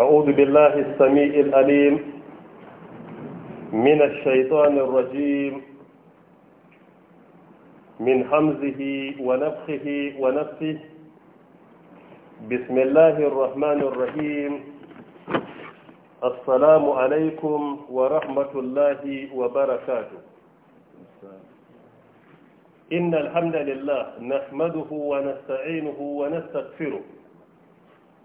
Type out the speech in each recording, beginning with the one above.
أعوذ بالله السميع الأليم من الشيطان الرجيم من حمزه ونفخه ونفسه بسم الله الرحمن الرحيم السلام عليكم ورحمة الله وبركاته إن الحمد لله نحمده ونستعينه ونستغفره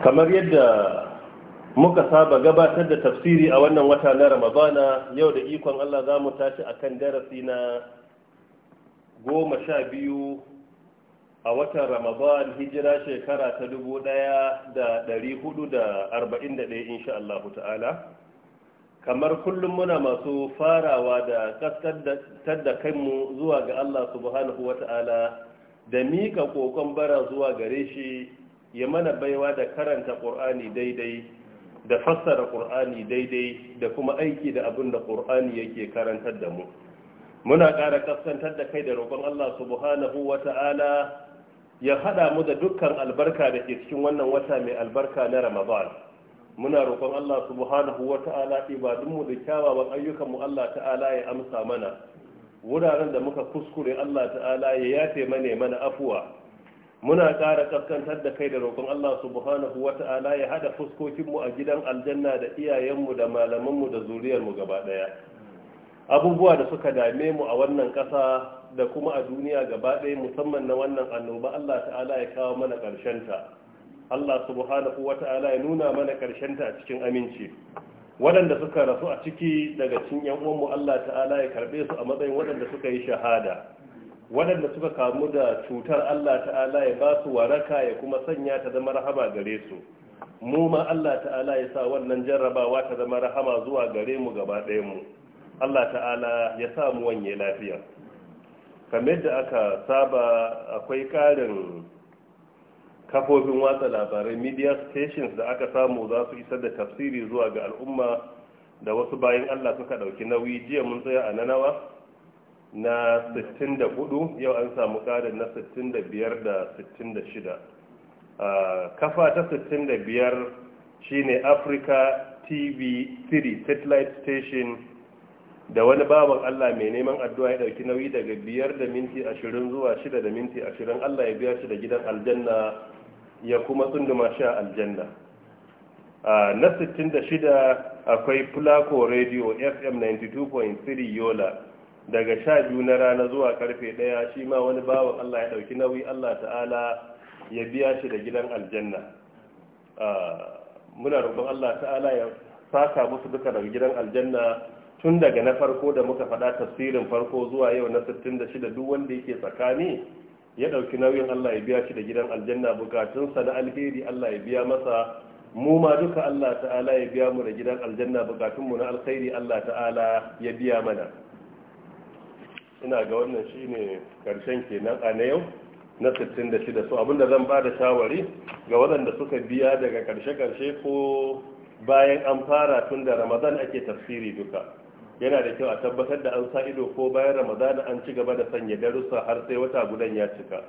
kamar yadda muka saba gabatar da tafsiri a wannan wata na ramadana yau da ikon allah za mu tashi a kan darasi na goma sha biyu a watan ramadan hijira shekara ta dubu ɗaya da ɗari hudu da arba'in da ɗaya insha allahu ta'ala kamar kullum muna masu farawa da kaskantar da kanmu zuwa ga allah subhanahu wa ta'ala da miƙa ƙoƙon bara zuwa gare shi ya mana baiwa da karanta ƙur'ani daidai da fassara ƙur'ani daidai da kuma aiki da abin da ƙur'ani yake karantar da mu muna ƙara kaskantar da kai da roƙon Allah subhanahu wa ya haɗa mu da dukkan albarka da ke cikin wannan wata mai albarka na ramadan muna roƙon Allah subhanahu wa ta'ala ibadunmu da kyawawan ayyukanmu Allah ta'ala ya amsa mana wuraren da muka kuskure Allah ta'ala ya yafe mane mana afuwa muna ƙara kaskantar da kai da roƙon Allah subhanahu wa ta'ala ya hada fuskokinmu a gidan aljanna da iyayenmu da malamanmu da zuriyarmu gaba ɗaya abubuwa da suka dame mu a wannan ƙasa da kuma a duniya gaba ɗaya musamman na wannan annoba Allah ta'ala ya kawo mana ta. Allah subhanahu wa ta'ala ya nuna mana ta a cikin aminci waɗanda suka rasu a ciki daga cikin ƴan uwanmu Allah ta'ala ya karɓe su a matsayin waɗanda suka yi shahada waɗanda suka kamu da cutar Allah ta'ala ya ba su waraka ya kuma sanya ta zama rahama gare su mu ma Allah ta'ala ya sa wannan jarrabawa ta zama rahama zuwa gare mu gaba ɗayan mu Allah ta'ala ya sa mu wanye lafiya kamar da aka saba akwai ƙarin kafofin watsa labarai media stations da aka samu za su isar da tafsiri zuwa ga al'umma da wasu bayan Allah suka ɗauki nauyi jiya mun tsaya a nanawa na 64 yau an samu karin na 65 da 66 kafa ta 65 shine africa tv 3 satellite station da wani babban allah mai neman addu'a ya dauki nauyi daga 5 da minti 20 zuwa 6 da minti 20 allah ya biya shi da gidan aljanna ya kuma tsunduma shi a aljanna na 66 akwai placo radio fm 92.3 yola daga sha biyu na rana zuwa karfe ɗaya shi ma wani bawan Allah ya ɗauki nauyi Allah ta'ala ya biya shi da gidan aljanna ah, muna roƙon Allah ta'ala ya saka musu duka daga gidan aljanna tun daga na farko da muka faɗa tasirin farko zuwa yau na 66 duk wanda yake tsakani ya ɗauki nauyin Allah ya biya shi da gidan aljanna bukatunsa na alheri Allah ya biya masa mu ma duka Allah ta'ala ya biya mu da gidan aljanna bukatunmu na alheri Allah ta'ala ya biya mana ina ga wannan shine karshen kenan a na yau na 66 so abinda zan ba da shawari ga waɗanda suka biya daga karshe-karshe ko bayan an fara tun da ramadan ake tafsiri duka yana da kyau a tabbatar da an sa ido ko bayan ramadan an ci gaba da sanya darussa har sai wata gudan ya cika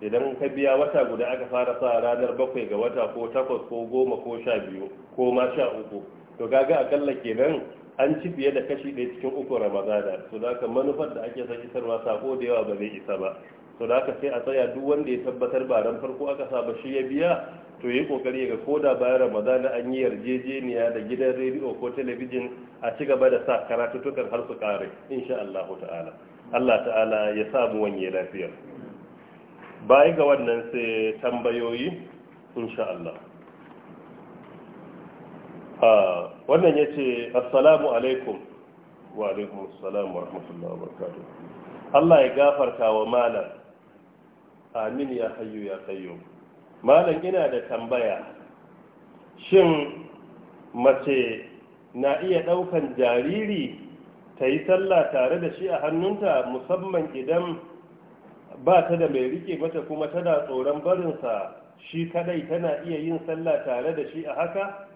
idan ka biya wata guda aka fara sa ranar bakwai ga wata ko takwas ko goma ko sha biyu ko ma sha uku to gaga akalla kenan an ci fiye da kashi ɗaya cikin uku ramadana to da ka manufar da ake son isarwa sako da yawa ba zai isa ba to da ka sai a tsaya duk wanda ya tabbatar ba ran farko aka ba shi ya biya to yi kokari ga koda bayan ramadana an yi yarjejeniya da gidan rediyo ko talabijin a ci gaba da sa karatutukan har su kare insha Allah ta'ala Allah ta'ala ya samu wani lafiya bayan ga wannan sai tambayoyi insha Allah Ah, wannan ya ce assalamu alaikum wa alaikum assalamu wa rahmatullahi wa barakatu Allah ya gafarta wa malam amin ya hayyu ya kayo malam ina da tambaya shin mace na iya ɗaukan jariri ta yi sallah tare da shi a hannunta musamman idan ba ta da mai rike mata kuma tana tsoron barinsa shi kadai tana iya yin sallah tare da shi a haka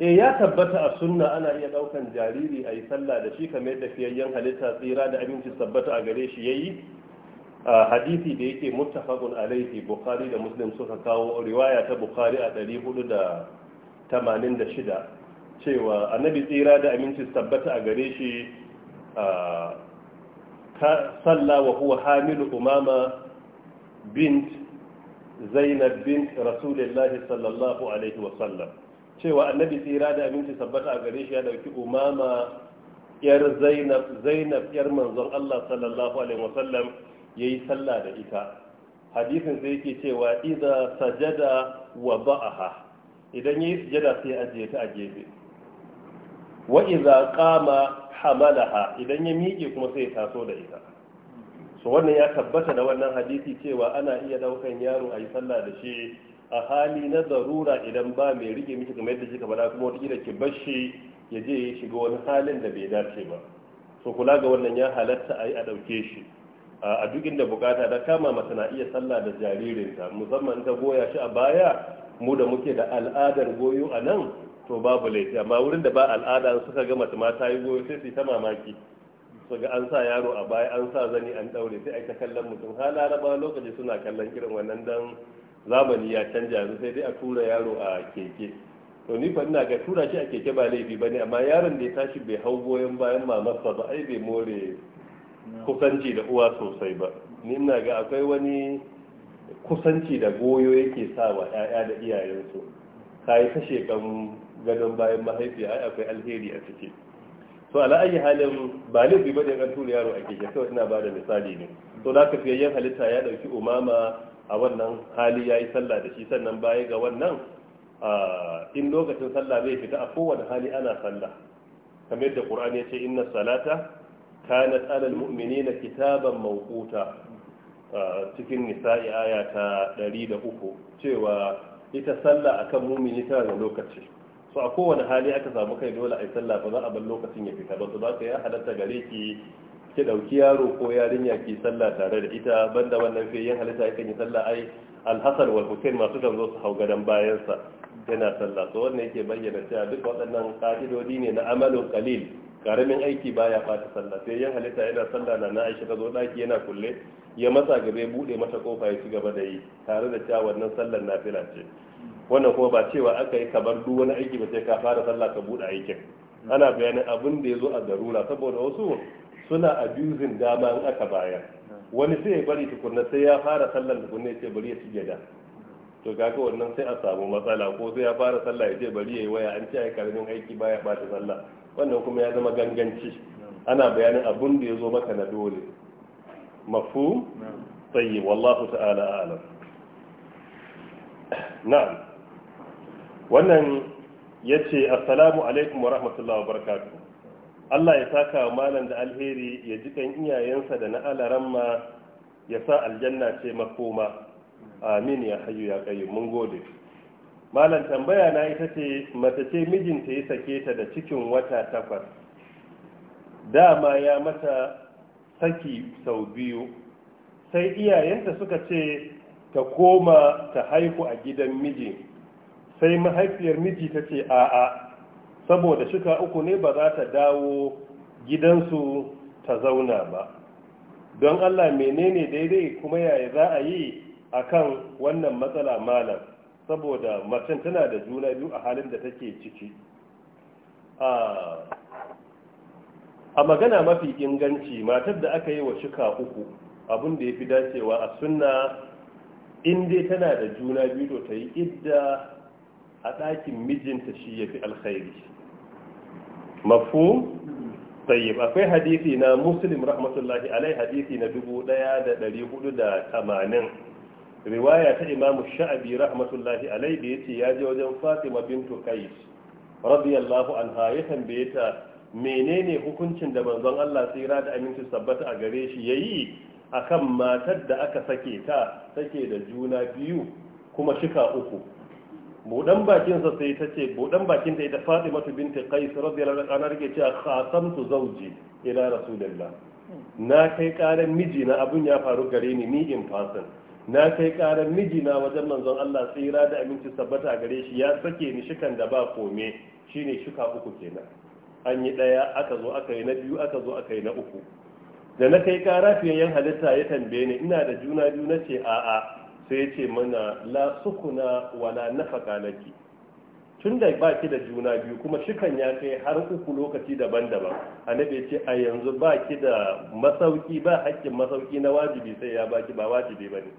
e ya tabbata a sunna ana iya daukan jariri a yi sallah da shi kamar yadda fiyayyen halitta tsira da abinci tabbata a gare shi yayi a hadisi da yake muttafaqun alaihi bukhari da muslim suka kawo riwaya ta bukhari a 486 cewa annabi tsira da aminci tabbata a gare shi sallah wa huwa hamilu umama bint zainab bint rasulillahi sallallahu alaihi wasallam cewa annabi tsira da aminci sabbata a gare shi ya dauki umama yar zainab zainab yar manzon Allah sallallahu alaihi wasallam yayi sallah da ita hadisin sai yake cewa idza sajada wa ba'aha idan yayi sujada sai ajiye ta a gefe wa idza qama hamalaha idan ya miƙe kuma sai taso da ita so wannan ya tabbata da wannan hadisi cewa ana iya daukan yaro a yi sallah da shi a hali na zarura idan ba mai rike miki kamar yadda kika faɗa kuma wata ki bashi ya je ya shiga wani halin da bai dace ba so kula ga wannan ya halatta a yi a ɗauke shi a duk inda bukata da kama mata na iya sallah da jaririnta musamman ta goya shi a baya mu da muke da al'adar goyo a nan to babu laifi amma wurin da ba al'ada suka ga mata ta yi goyo sai su ta mamaki su ga an sa yaro a baya an sa zani an daure sai ai ta kallon mutum har laraba lokaci suna kallon irin wannan dan zamani ya canja yanzu sai dai a tura yaro a keke to ni fa ina ga tura shi a keke ba laifi bane amma yaron da ya tashi bai hau goyon bayan mamarsa ba ai bai more kusanci da uwa sosai ba ni ina ga akwai wani kusanci da goyo yake sa wa 'ya'ya da iyayensu ka yi kashe kan gadon bayan mahaifiya ai akwai alheri a ciki to ala ayi halin ba laifi ba ga tura yaro a keke kawai ina ba da misali ne to da ka fiye halitta ya dauki umama a wannan hali ya yi sallah da shi sannan baya ga wannan in lokacin sallah zai fita a kowane hali ana sallah kamar yadda ƙur'ani ya ce inna salata kanat alal na kitaban mawquta cikin nisa'i aya ta 103 cewa ita sallah akan mu'mini tana da lokaci so a kowane hali aka samu kai dole a yi sallah ba za a bar lokacin ya fita ba su za ka yi halatta gare ki ki dauki yaro ko yarinya ki sallah tare da ita banda wannan yin halitta yakan yi sallah ai alhassan wal hussein masu kan zo su hau gadon bayansa yana sallah so wannan yake bayyana cewa duk waɗannan ƙa'idodi ne na amalin kalil karamin aiki baya fata sallah sai yan halitta yana sallah na na aisha ka zo daki yana kulle ya matsa gabe buɗe mata kofa ya ci gaba da yi tare da cewa wannan sallar nafila ce wannan kuma ba cewa aka yi kamar duk wani aiki ba sai ka fara sallah ka buɗe aikin ana bayanin abin da ya zo a darura saboda wasu suna abusing dama in aka baya. wani sai ya bari tukunna sai ya fara sallar tukunna ya ce bari ya shige da to kaga wannan sai a samu matsala ko sai ya fara sallah ya ce bari ya yi waya an ce ai karamin aiki baya bata sallah wannan kuma ya zama ganganci ana bayanin abun da ya zo maka na dole Mafu, tayyib wallahu ta'ala a'lam na'am wannan yace assalamu alaikum wa rahmatullahi wa barakatuh Allah ya saka wa malam da alheri ya ji kan iyayensa da na ma ya sa aljanna ce makoma amin ya hayu ya kayu mun gode malam tambaya na ita ce mace ce mijinta ya sake ta da cikin wata takwas dama ya mata saki sau biyu sai iyayenta suka ce ta koma ta haihu a gidan miji sai mahaifiyar miji ta ce a'a saboda shika uku ne ba za ta dawo gidansu ta zauna ba don allah menene daidai kuma yaya za a yi akan wannan matsala malam saboda macen tana da juna biyu a halin da take ciki a magana mafi inganci matar da aka yi wa shika uku abin da ya fi dacewa a sunna inda tana da juna biyu to ta yi idda a ɗakin mijinta shi ya fi alkhairi mafu? tayyib akwai hadisi na muslim rahmatullahi alai hadisi na dubu 1480 riwaya ta imam sha'abi rahmatullahi alai da yace ya je wajen fatima bintu qais radiyallahu anha ya tambaye ta menene hukuncin da manzon Allah tsira da aminci sabbata a gare shi yayi akan matar da aka sake ta sake da juna biyu kuma shika uku budan bakinsa sai ta ce budan bakin ta ita Fatima binti Qais radiyallahu anha ana rike cewa khasamtu zawji ila rasulillah na kai karan miji na abun ya faru gare ni ni in fasan na kai karan miji na wajen manzon Allah tsira da abinci sabbata a gare shi ya sake ni shikan da ba kome shine shuka uku kenan an yi daya aka zo aka yi na biyu aka zo aka yi na uku da na kai kara fiye yan halitta ya tambaye ni ina da juna biyu na ce a'a sai ya ce mana la sukuna wala nafaka laki tun da ba ki da juna biyu kuma shikan ya kai har uku lokaci daban-daban annabi ya ce a yanzu ba ki da masauki ba hakkin masauki na wajibi sai ya baki ba wajibi bane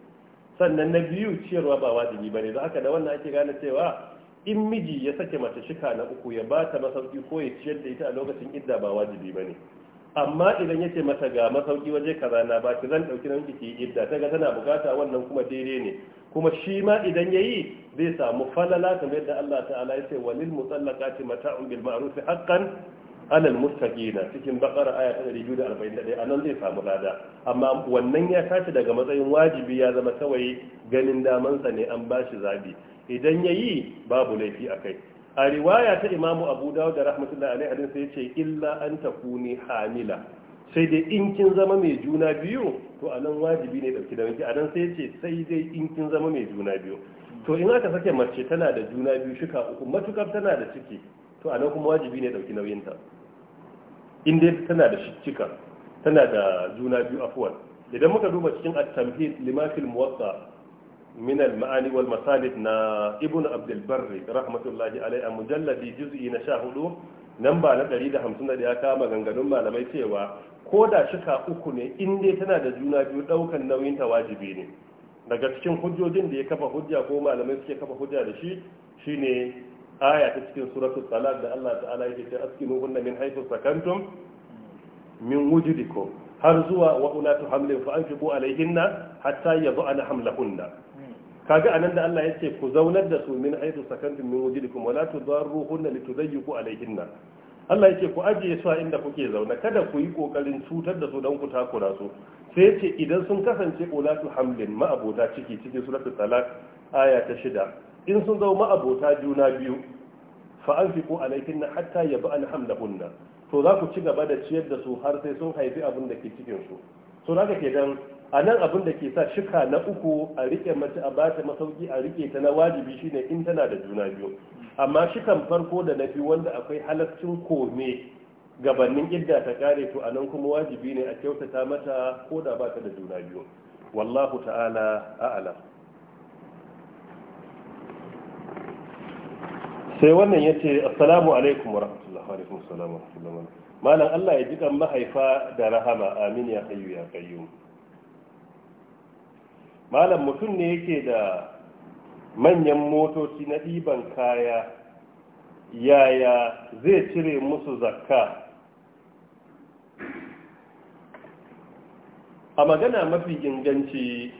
sannan na biyu ciyarwa ba wajibi bane da haka da wannan ake gane cewa in miji ya sake mace shika na uku ya ba ta masauki ko ya ciyar da ita a lokacin idda ba wajibi bane amma idan yace mata ga masauki waje kaza na ba ki zan dauki nan ki idda ta ga tana bukata wannan kuma daidai ne kuma shi ma idan yayi zai samu falala kamar yadda Allah ta'ala yace walil mutallaqati mata'un bil ma'ruf haqqan alal mustaqina cikin bakara aya ta 241 anan zai samu lada amma wannan ya tashi daga matsayin wajibi ya zama kawai ganin sa ne an ba shi zabi idan yayi babu laifi akai a riwaya ta imamu abu dawud da rahmatullahi alaihi hadin sai yace illa an takuni hamila sai dai in kin zama mai juna biyu to a nan wajibi ne dauki da miki a nan sai yace sai dai in kin zama mai juna biyu to in aka sake mace tana da juna biyu shika uku matukar tana da ciki to a nan kuma wajibi ne dauki nauyin ta in dai tana da cika tana da juna biyu afwan idan muka duba cikin at-tamhid limafil muwatta Minal al-ma'ani wal masalib na Ibnu abdul barri rahmatullahi alaihi a mujalladi juz'i na 14 nan ba na 151 ya kama ganganun malamai cewa ko da shika uku ne in tana da juna biyu daukan nauyin ta wajibi ne daga cikin hujjojin da ya kafa hujja ko malamai suke kafa hujja da shi shine aya ta cikin suratul talaq da Allah ta'ala yake ta askinu hunna min haythu sakantum min wujudikum har zuwa wa ulatu hamlin fa anfiqu alaihinna hatta yad'ana hamlahunna kaga anan da Allah ya ce ku zaunar da su min haythu sakantin min wujudikum wala ko litudayyiqu alayhinna Allah yace ku ajiye su a inda kuke zaune kada ku yi kokarin cutar da su dan ku takura su sai yace idan sun kasance ulatu hamlin ma'abota ciki cikin suratul talaq aya ta shida in sun zama ma'abota juna biyu fa anfiqu alayhinna hatta yab'an hamlahunna to za ku ci gaba da ciyar da su har sai sun haifi abin da ke cikin su so zaka ke dan a nan abin da ke sa shika na uku a rike mace a ba ta masauki a rike ta na wajibi shine in tana da juna biyu amma shikan farko da na biyu wanda akwai halaccin kome gabanin idda ta kare to a nan kuma wajibi ne a kyautata mata ko da bata da juna biyu wallahu ta'ala a'ala. sai wannan ya ce assalamu alaikum wa rahmatullahi wa alaikum wa rahmatullahi malam Allah ya ji mahaifa da rahama amin ya hayyu ya qayyum malam mutum ne yake da manyan motoci na ɗiban kaya yaya zai cire musu zakka a magana mafi inganci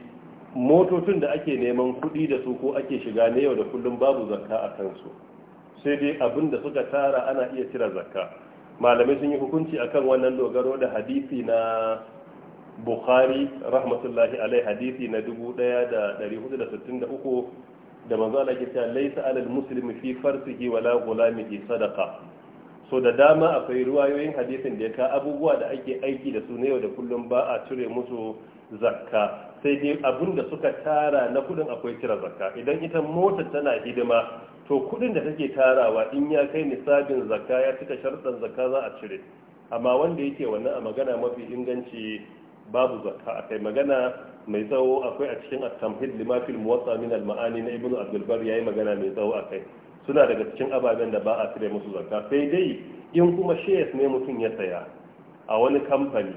motocin da ake neman kuɗi da su ko ake shiga na yau da kullum babu zakka a kansu sai dai abin da suka tara ana iya cire zakka malamai sun yi hukunci akan wannan dogaro da hadisi na bukhari rahmatullahi alai hadisi na 1463 da manzo Allah ke cewa laysa alal muslimi fi farsihi wala gulamihi sadaqa so da dama akwai ruwayoyin hadisin da ya ka abubuwa da ake aiki da su na yau da kullum ba a cire musu zakka sai dai abin da suka tara na kudin akwai cire zakka idan ita mota tana hidima to kudin da take tarawa in ya kai nisabin zakka ya cika sharɗan zakka za a cire amma wanda yake wannan a magana mafi inganci babu zakka akai magana mai tsawo akwai a cikin at-tamhid lima fil muwatta min al-ma'ani na ibnu abdul bar yayi magana mai tsawo a kai suna daga cikin ababen da ba a cire musu zakka sai dai in kuma shares ne mutum ya saya a wani kamfani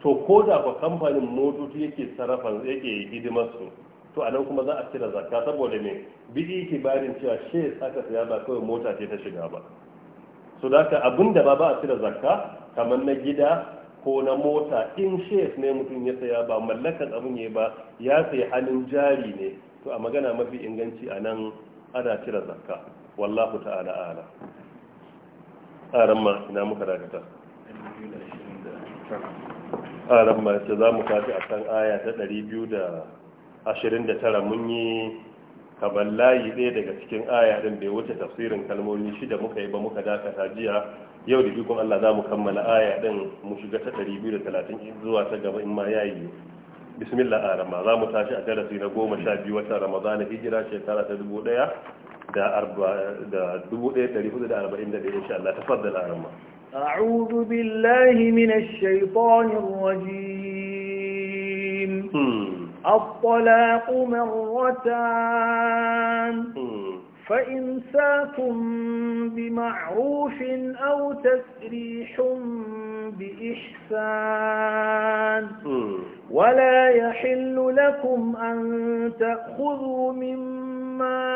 to ko da ba kamfanin motoci yake sarrafa yake hidimar su to a nan kuma za a cire zakka saboda me bidi kibarin cewa shares aka saya ba kawai mota ce ta shiga ba so da abin abinda ba ba a cire zakka kamar na gida ko na mota in shef ne mutum ya saya ba mallakan abin ya ba ya sayi halin jari ne to a magana mafi inganci a nan ana cire zakka wallahu ta'ala ala aran ma ina muka dakata aran ma ce za mu kafi a kan aya ta 229 mun yi Kaballayi ɗaya daga cikin aya ɗin bai wuce tafsirin kalmomi shida muka yi ba muka dakata jiya yau da bikon Allah za mu kammala aya ɗin mu shiga ta 230 zuwa ta gaba in ma yayi bismillah a rama za mu tashi a darasi na goma sha biyu wata ramadana hijira shekara ta dubu ɗaya da dubu ɗaya ɗari hudu da arba'in da ɗaya insha Allah tafaddal a rama أعوذ بالله من الشيطان الرجيم الطلاق مرتان ساكم بمعروف أو تسريح بإحسان ولا يحل لكم أن تأخذوا مما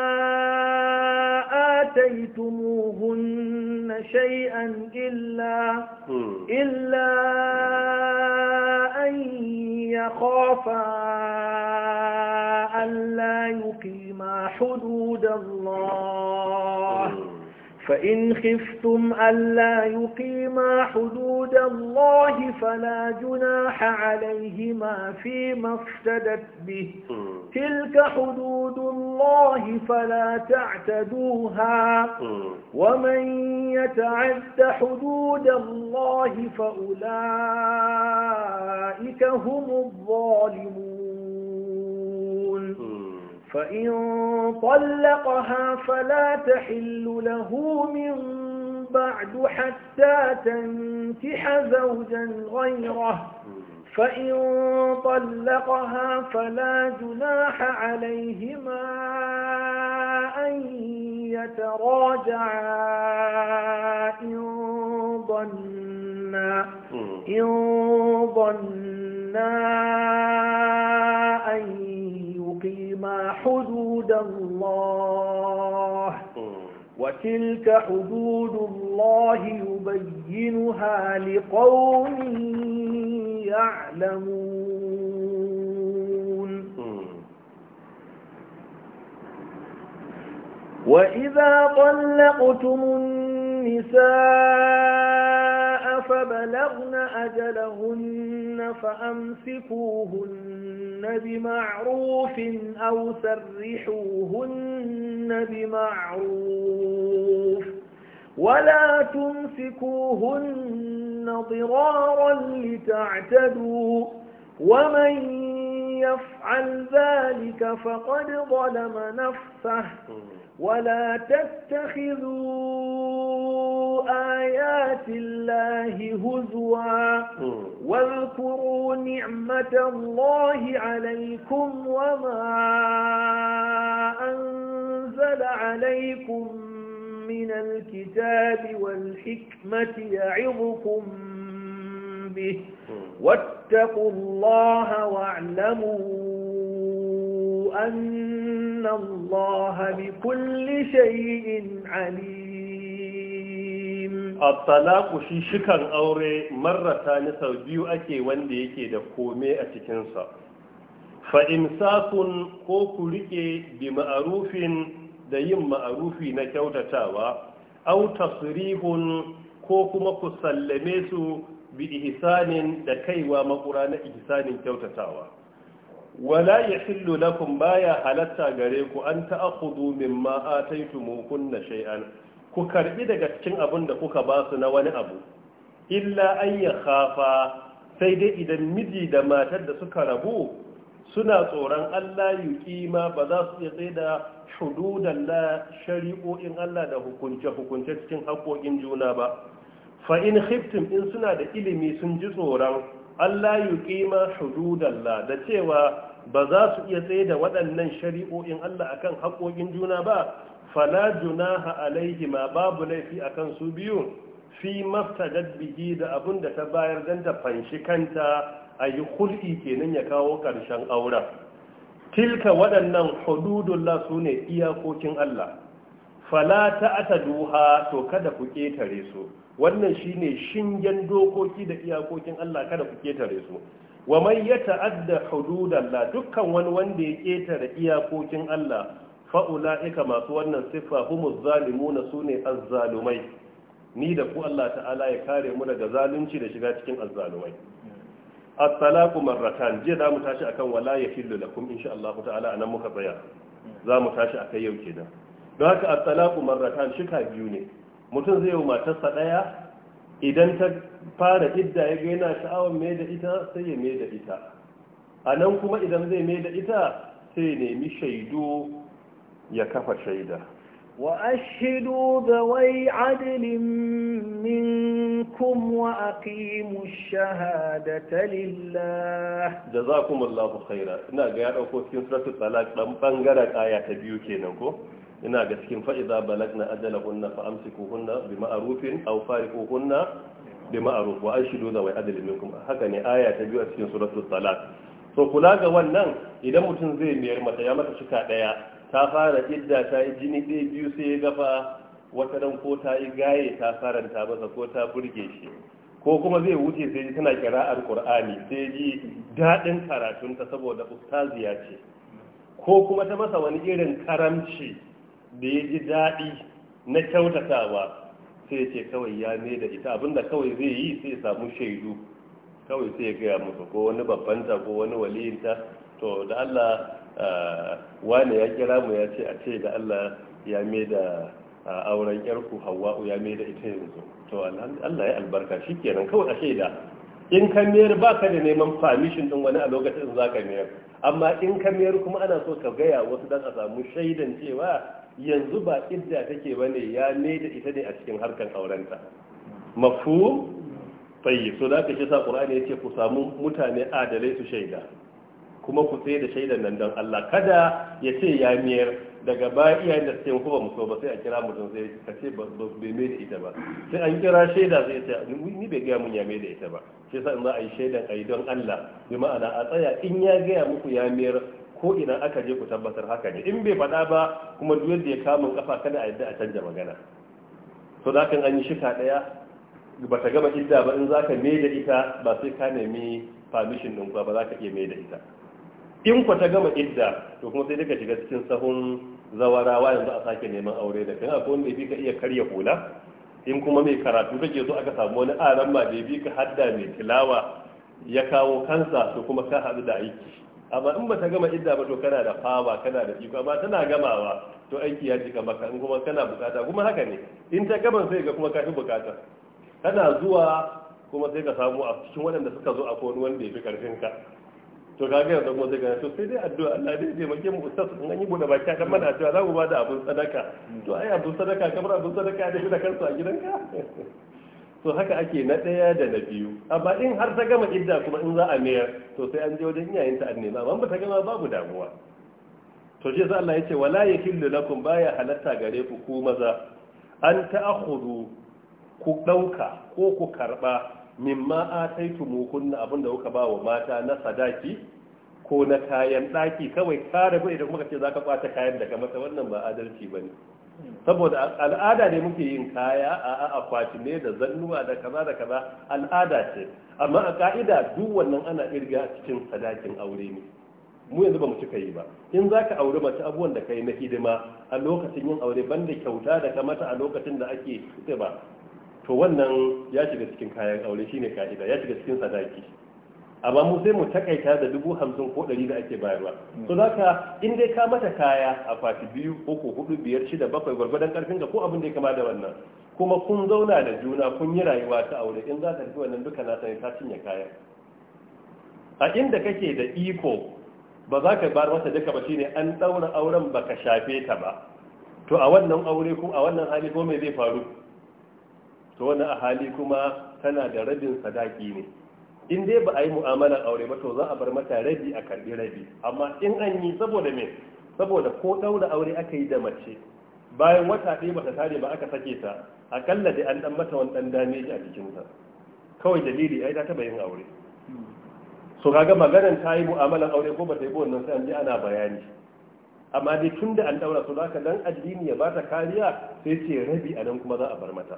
آتيتموهن شيئا إلا, إلا أن يخافا ألا يقيما حدود الله فإن خفتم ألا يقيما حدود الله فلا جناح عليهما فيما افتدت به تلك حدود الله فلا تعتدوها ومن يتعد حدود الله فأولئك هم الظالمون فإن طلقها فلا تحل له من بعد حتى تنكح زوجا غيره فإن طلقها فلا جناح عليهما أن يتراجعا إن ظنا إن يقيما حدود الله وتلك حدود الله يبينها لقوم يعلمون وإذا طلقتم النساء فبلغن أجلهن فأمسكوهن بمعروف أو سرحوهن بمعروف ولا تمسكوهن ضرارا لتعتدوا ومن يفعل ذلك فقد ظلم نفسه ولا تتخذوا آيات الله هزوا واذكروا نعمة الله عليكم وما أنزل عليكم من الكتاب والحكمة يعظكم به واتقوا الله واعلموا أن الله بكل شيء عليم a talaqu shi shikan aure marrata ni sau biyu ake wanda yake da kome a cikin sa fa ko ku rike bi ma'arufin da yin ma'arufi na kyautatawa aw tasrihun ko kuma ku sallame su bi ihsanin da kaiwa makura na ihsanin kyautatawa wala yahillu lakum baya halatta gare ku an ta'khudhu mimma ataytumukunna shay'an ku karbi daga cikin abin da kuka ba su na wani abu illa an ya khafa sai dai idan miji da matar da suka rabu suna tsoron Allah yi ma ba za su iya tsaye da hududan la shari'o'in Allah da hukunce-hukunce cikin haƙoƙin juna ba Fa'in in in suna da ilimi sun ji tsoron Allah yi ma hududan da cewa ba za su iya tsaye da waɗannan shari'o'in Allah akan haƙoƙin juna ba fala junaha alaihi ma babu laifi a kan su biyu fi mafta bihi da abun da ta bayar dan ta fanshi kanta a yi kenan ya kawo ƙarshen auren tilka waɗannan hududullah sune ne iyakokin Allah fala ta duha to kada ku ƙetare su wannan shine shingen dokoki da iyakokin Allah kada ku ƙetare su wa man ya ta'adda hududallah dukkan wani wanda ya ƙetare iyakokin Allah fa'ula'ika masu wannan siffa humu zalimuna su ne azzalumai ni da ku Allah ta'ala ya kare mu daga zalunci da shiga cikin azzalumai as-salaqu marratan je da mu tashi akan wala yahillu lakum insha Allah ta'ala anan muka tsaya za mu tashi akai yau ke nan don haka as-salaqu marratan shika biyu ne mutum zai yi matarsa ɗaya. idan ta fara idda ya ga yana sha'awar mai da ita sai ya mai da ita anan kuma idan zai mai da ita sai ya nemi shaidu ya kafa shaida وأشهدوا ذوي عدل منكم وأقيموا الشهادة لله جزاكم الله خيرا إنا قاعد أقول في سورة الطلاق لم بنغرك آية بيوكي نكو إنا قاعد كم فإذا بلغنا أجلهن فأمسكوهن بمعروف أو فارقوهن بمعروف وأشهدوا ذوي عدل منكم هكذا آية بيوكي في سورة الطلاق so kula ga wannan idan mutum zai miyar mata ya mata shika daya ta fara idda ta yi jini ɗaya biyu sai ya gafa wata dan ko ta yi gaye ta faranta masa ko ta burge shi ko kuma zai wuce sai ji tana kira'ar qur'ani sai ji daɗin karatunta saboda ustaziya ce ko kuma ta masa wani irin karamci da ya ji daɗi na kyautatawa sai ce kawai ya ne da ita abinda kawai zai yi sai samu shaidu kawai sai ya gaya musu ko wani babbanta ko wani waliyinta to da Allah wane ya kira mu ya ce a ce da Allah ya mai da auren yarku hawa'u ya mai da ita yanzu to Allah ya albarka shi kenan kawai a shaida in ka mayar ba ka da neman famishin din wani a lokacin za ka mayar amma in ka mayar kuma ana so ka gaya wasu dan a samu shaidan cewa yanzu ba idda take bane ya ne da ita ne a cikin harkar aurenta mafhum tayyib so da ka shi sa qur'ani yace ku samu mutane adalai su shaida kuma ku sai da shaidan nan don Allah kada ya ce ya miyar daga baya iyayen da sai kuma mu so ba sai a kira mutum sai ka ce ba bai mai da ita ba sai an kira shaida sai ta ni bai gaya mun ya mai da ita ba sai sa in za a yi shaidan a yi don Allah bi ma'ana a tsaya in ya gaya muku ya miyar ko ina aka je ku tabbatar haka ne in bai faɗa ba kuma duk yadda ya kama kafa kada a yadda a canja magana to da kan an yi shika daya ba ta gama idda ba in zaka mai da ita ba sai ka nemi permission din ba ba za ka iya mai da ita in ku ta gama idda to kuma sai duka shiga cikin sahun zawarawa yanzu a sake neman aure da kan akwai wanda ka iya karya hula in kuma mai karatu kake so aka samu wani aran ma da ka hadda mai tilawa ya kawo kansa to kuma ka haɗu da aiki amma in ba ta gama idda ba to kana da fawa kana da iko amma tana gamawa to aiki ya jika maka in kuma kana bukata kuma haka ne in ta gaban sai ga kuma ka fi bukata kana zuwa kuma sai ka samu a cikin waɗanda suka zo a wani wanda ya fi ƙarfinka. ka to kaga yanzu kuma sai ga to sai dai addu'a Allah dai zai make mu ustaz in an yi bude baki dan mana addu'a za mu bada abin sadaka to ai abin sadaka kamar abin sadaka da da kansa a gidanka to haka ake na daya da na biyu amma in har ta gama idda kuma in za a mayar to sai an je wajen iyayen ta an nema amma ba ta gama babu damuwa to je Allah ya ce wala yakillu lakum baya halatta gare ku ku maza an ta'khudhu ku dauka ko ku karba mimma ataitu muhunna abinda kuka ba wa mata na sadaki ko na kayan daki kawai kare rabu da muka ce zaka kwata kayan daga mata wannan ba adalci bane saboda al'ada ne muke yin kaya a kwati ne da zannuwa da kaza da kaza al'ada ce amma a ka'ida duk wannan ana irga cikin sadakin aure ne mu yanzu ba mu cika yi ba in zaka ka aure mace abuwan da kai na hidima a lokacin yin aure banda kyauta da kamata a lokacin da ake ba to wannan ya shiga cikin kayan aure shine ka'ida ya shiga cikin sadaki amma mu sai mu takaita da dubu hamsin ko ɗari da ake bayarwa to mm. za ka in dai ka mata kaya a fati biyu uku hudu biyar shida bakwai gwargwadon karfin ko abin da ya kama da wannan kuma kun zauna da juna kun yi rayuwa ta aure in za ka tafi wannan duka na sani ta cinye kayan a inda kake da iko ba za ka bar masa duka ba shine an ɗaura auren baka shafe ta ba to a wannan aure ko a wannan hali ko me zai faru to wani a hali kuma tana da rabin sadaki ne in dai ba a yi mu'amalar aure ba to za a bar mata rabi a karbi rabi amma in an yi saboda me saboda ko daura aure aka yi da mace bayan wata ɗaya ba ta tare ba aka sake ta akalla dai an dan mata wani dan dame a jikinta kawai dalili ai ta taba yin aure so kaga maganar ta yi mu'amalar aure ko ba ta yi ba wannan sai an ji ana bayani amma dai tun da an daura su ka dan addini ya ba ta kariya sai ce rabi a nan kuma za a bar mata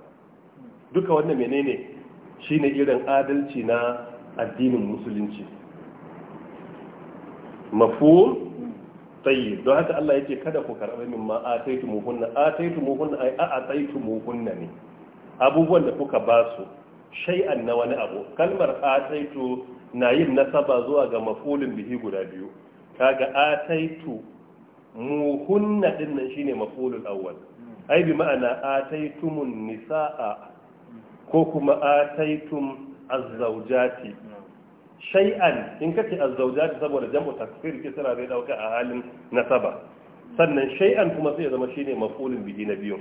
duka wannan menene shine irin adalci na addinin musulunci mafhum tayyib don haka Allah yake kada ku karɓa min ma ataytumuhunna ataytumuhunna mu a'taytumuhunna ne abubuwan da kuka ba su shay'an na wani abu kalmar ataitu na yin nasaba zuwa ga mafulin bihi guda biyu kaga ataitu muhunna din nan shine mafulul awwal ai bi ma'ana ataitumun nisaa ko kuma ataitum azzaujati shay'an in kace azzaujati saboda jam'u takfir ke suna zai dauka a halin nasaba sannan shay'an kuma sai ya zama shine maf'ulun bihi na biyu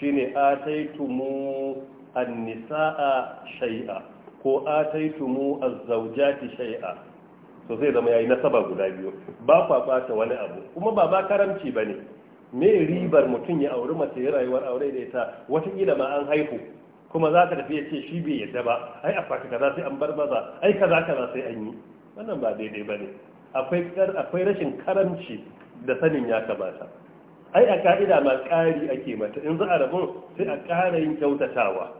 shine ataitumu an-nisaa shay'a ko ataitumu azzaujati shai'a. shay'a to ya zama yayi nasaba guda biyu ba kwa bata wani abu kuma ba ba karamci bane me ribar mutum ya auri mace rayuwar aure da ita wata kila ma an haihu kuma za ka tafi ya ce shi bai yadda ba ai a faka kaza sai an bar maza ai kaza kaza sai an yi wannan ba daidai ba ne akwai rashin karamci da sanin ya kamata ai a ka'ida ma ƙari ake mata in za a rabu sai a ƙara yin kyautatawa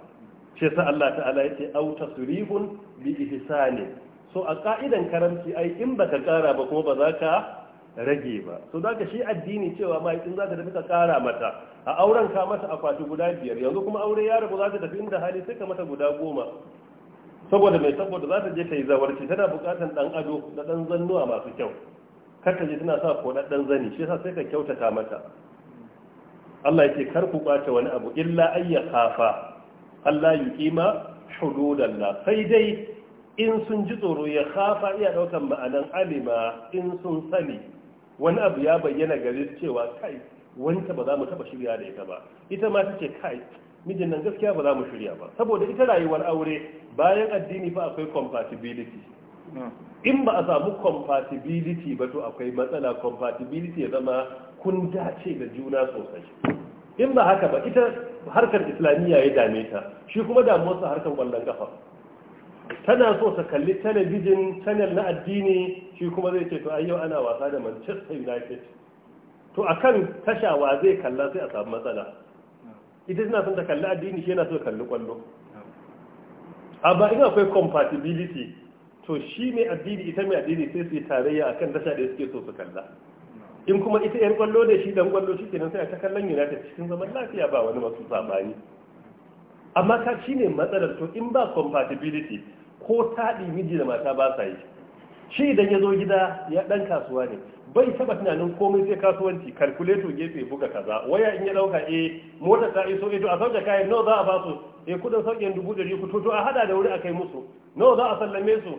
shi sa Allah ta'ala ya ce au tasrihun bi ihsani so a ka'idan karamci ai in baka ƙara ba kuma ba za ka rage ba so da ka shi addini cewa ma in za ta tafi ka kara mata a auren ka mata akwati guda biyar yanzu kuma aure ya rabu za ta tafi inda hali sai ka mata guda goma saboda mai saboda za ta je ta yi zawarci tana bukatar dan ado da dan zannuwa masu kyau kar ta je tana sa ko dan zani shi yasa sai ka kyautata mata Allah yake kar ku kwace wani abu illa ayya khafa Allah kima hududallah sai dai in sun ji tsoro ya khafa iya daukan ma'anan alima in sun sani wani abu ya bayyana gare cewa kai wanta ba za mu taba shirya da ita ba ita ma ta ce kai mijin nan gaskiya ba za mu shirya ba saboda ita rayuwar aure bayan addini fa akwai compatibility in ba a samu compatibility ba to akwai matsala compatibility ya zama kun dace da juna sosai in ba haka ba ita harkar islamiyya ya dame ta shi kuma damuwarsa harkar kwallon kafa tana so ta kalli talabijin channel na addini shi kuma zai ce to a yau ana wasa da manchester united to a kan tashawa zai kalla sai a samu matsala ita suna son ta kalli addini shi yana so kalli kwallo amma ina akwai compatibility to shi mai addini ita mai addini sai su yi tarayya a kan tasha da suke so su kalla in kuma ita yan kwallo da shi dan kwallo shi kenan sai a ta kallon united cikin zaman lafiya ba wani masu sabani amma ka shi ne matsalar to in ba compatibility ko taɗi miji da mata ba sa yi shi idan ya zo gida ya ɗan kasuwa ne bai taɓa tunanin komai sai kasuwanci kalkuleto gefe buga kaza waya in ya ɗauka e eh, motar ta iso ito eh, a sauke kayan nawa za a ba su e eh, kudin sauƙin dubu ɗari ku to a haɗa da wuri a kai musu nawa za a sallame su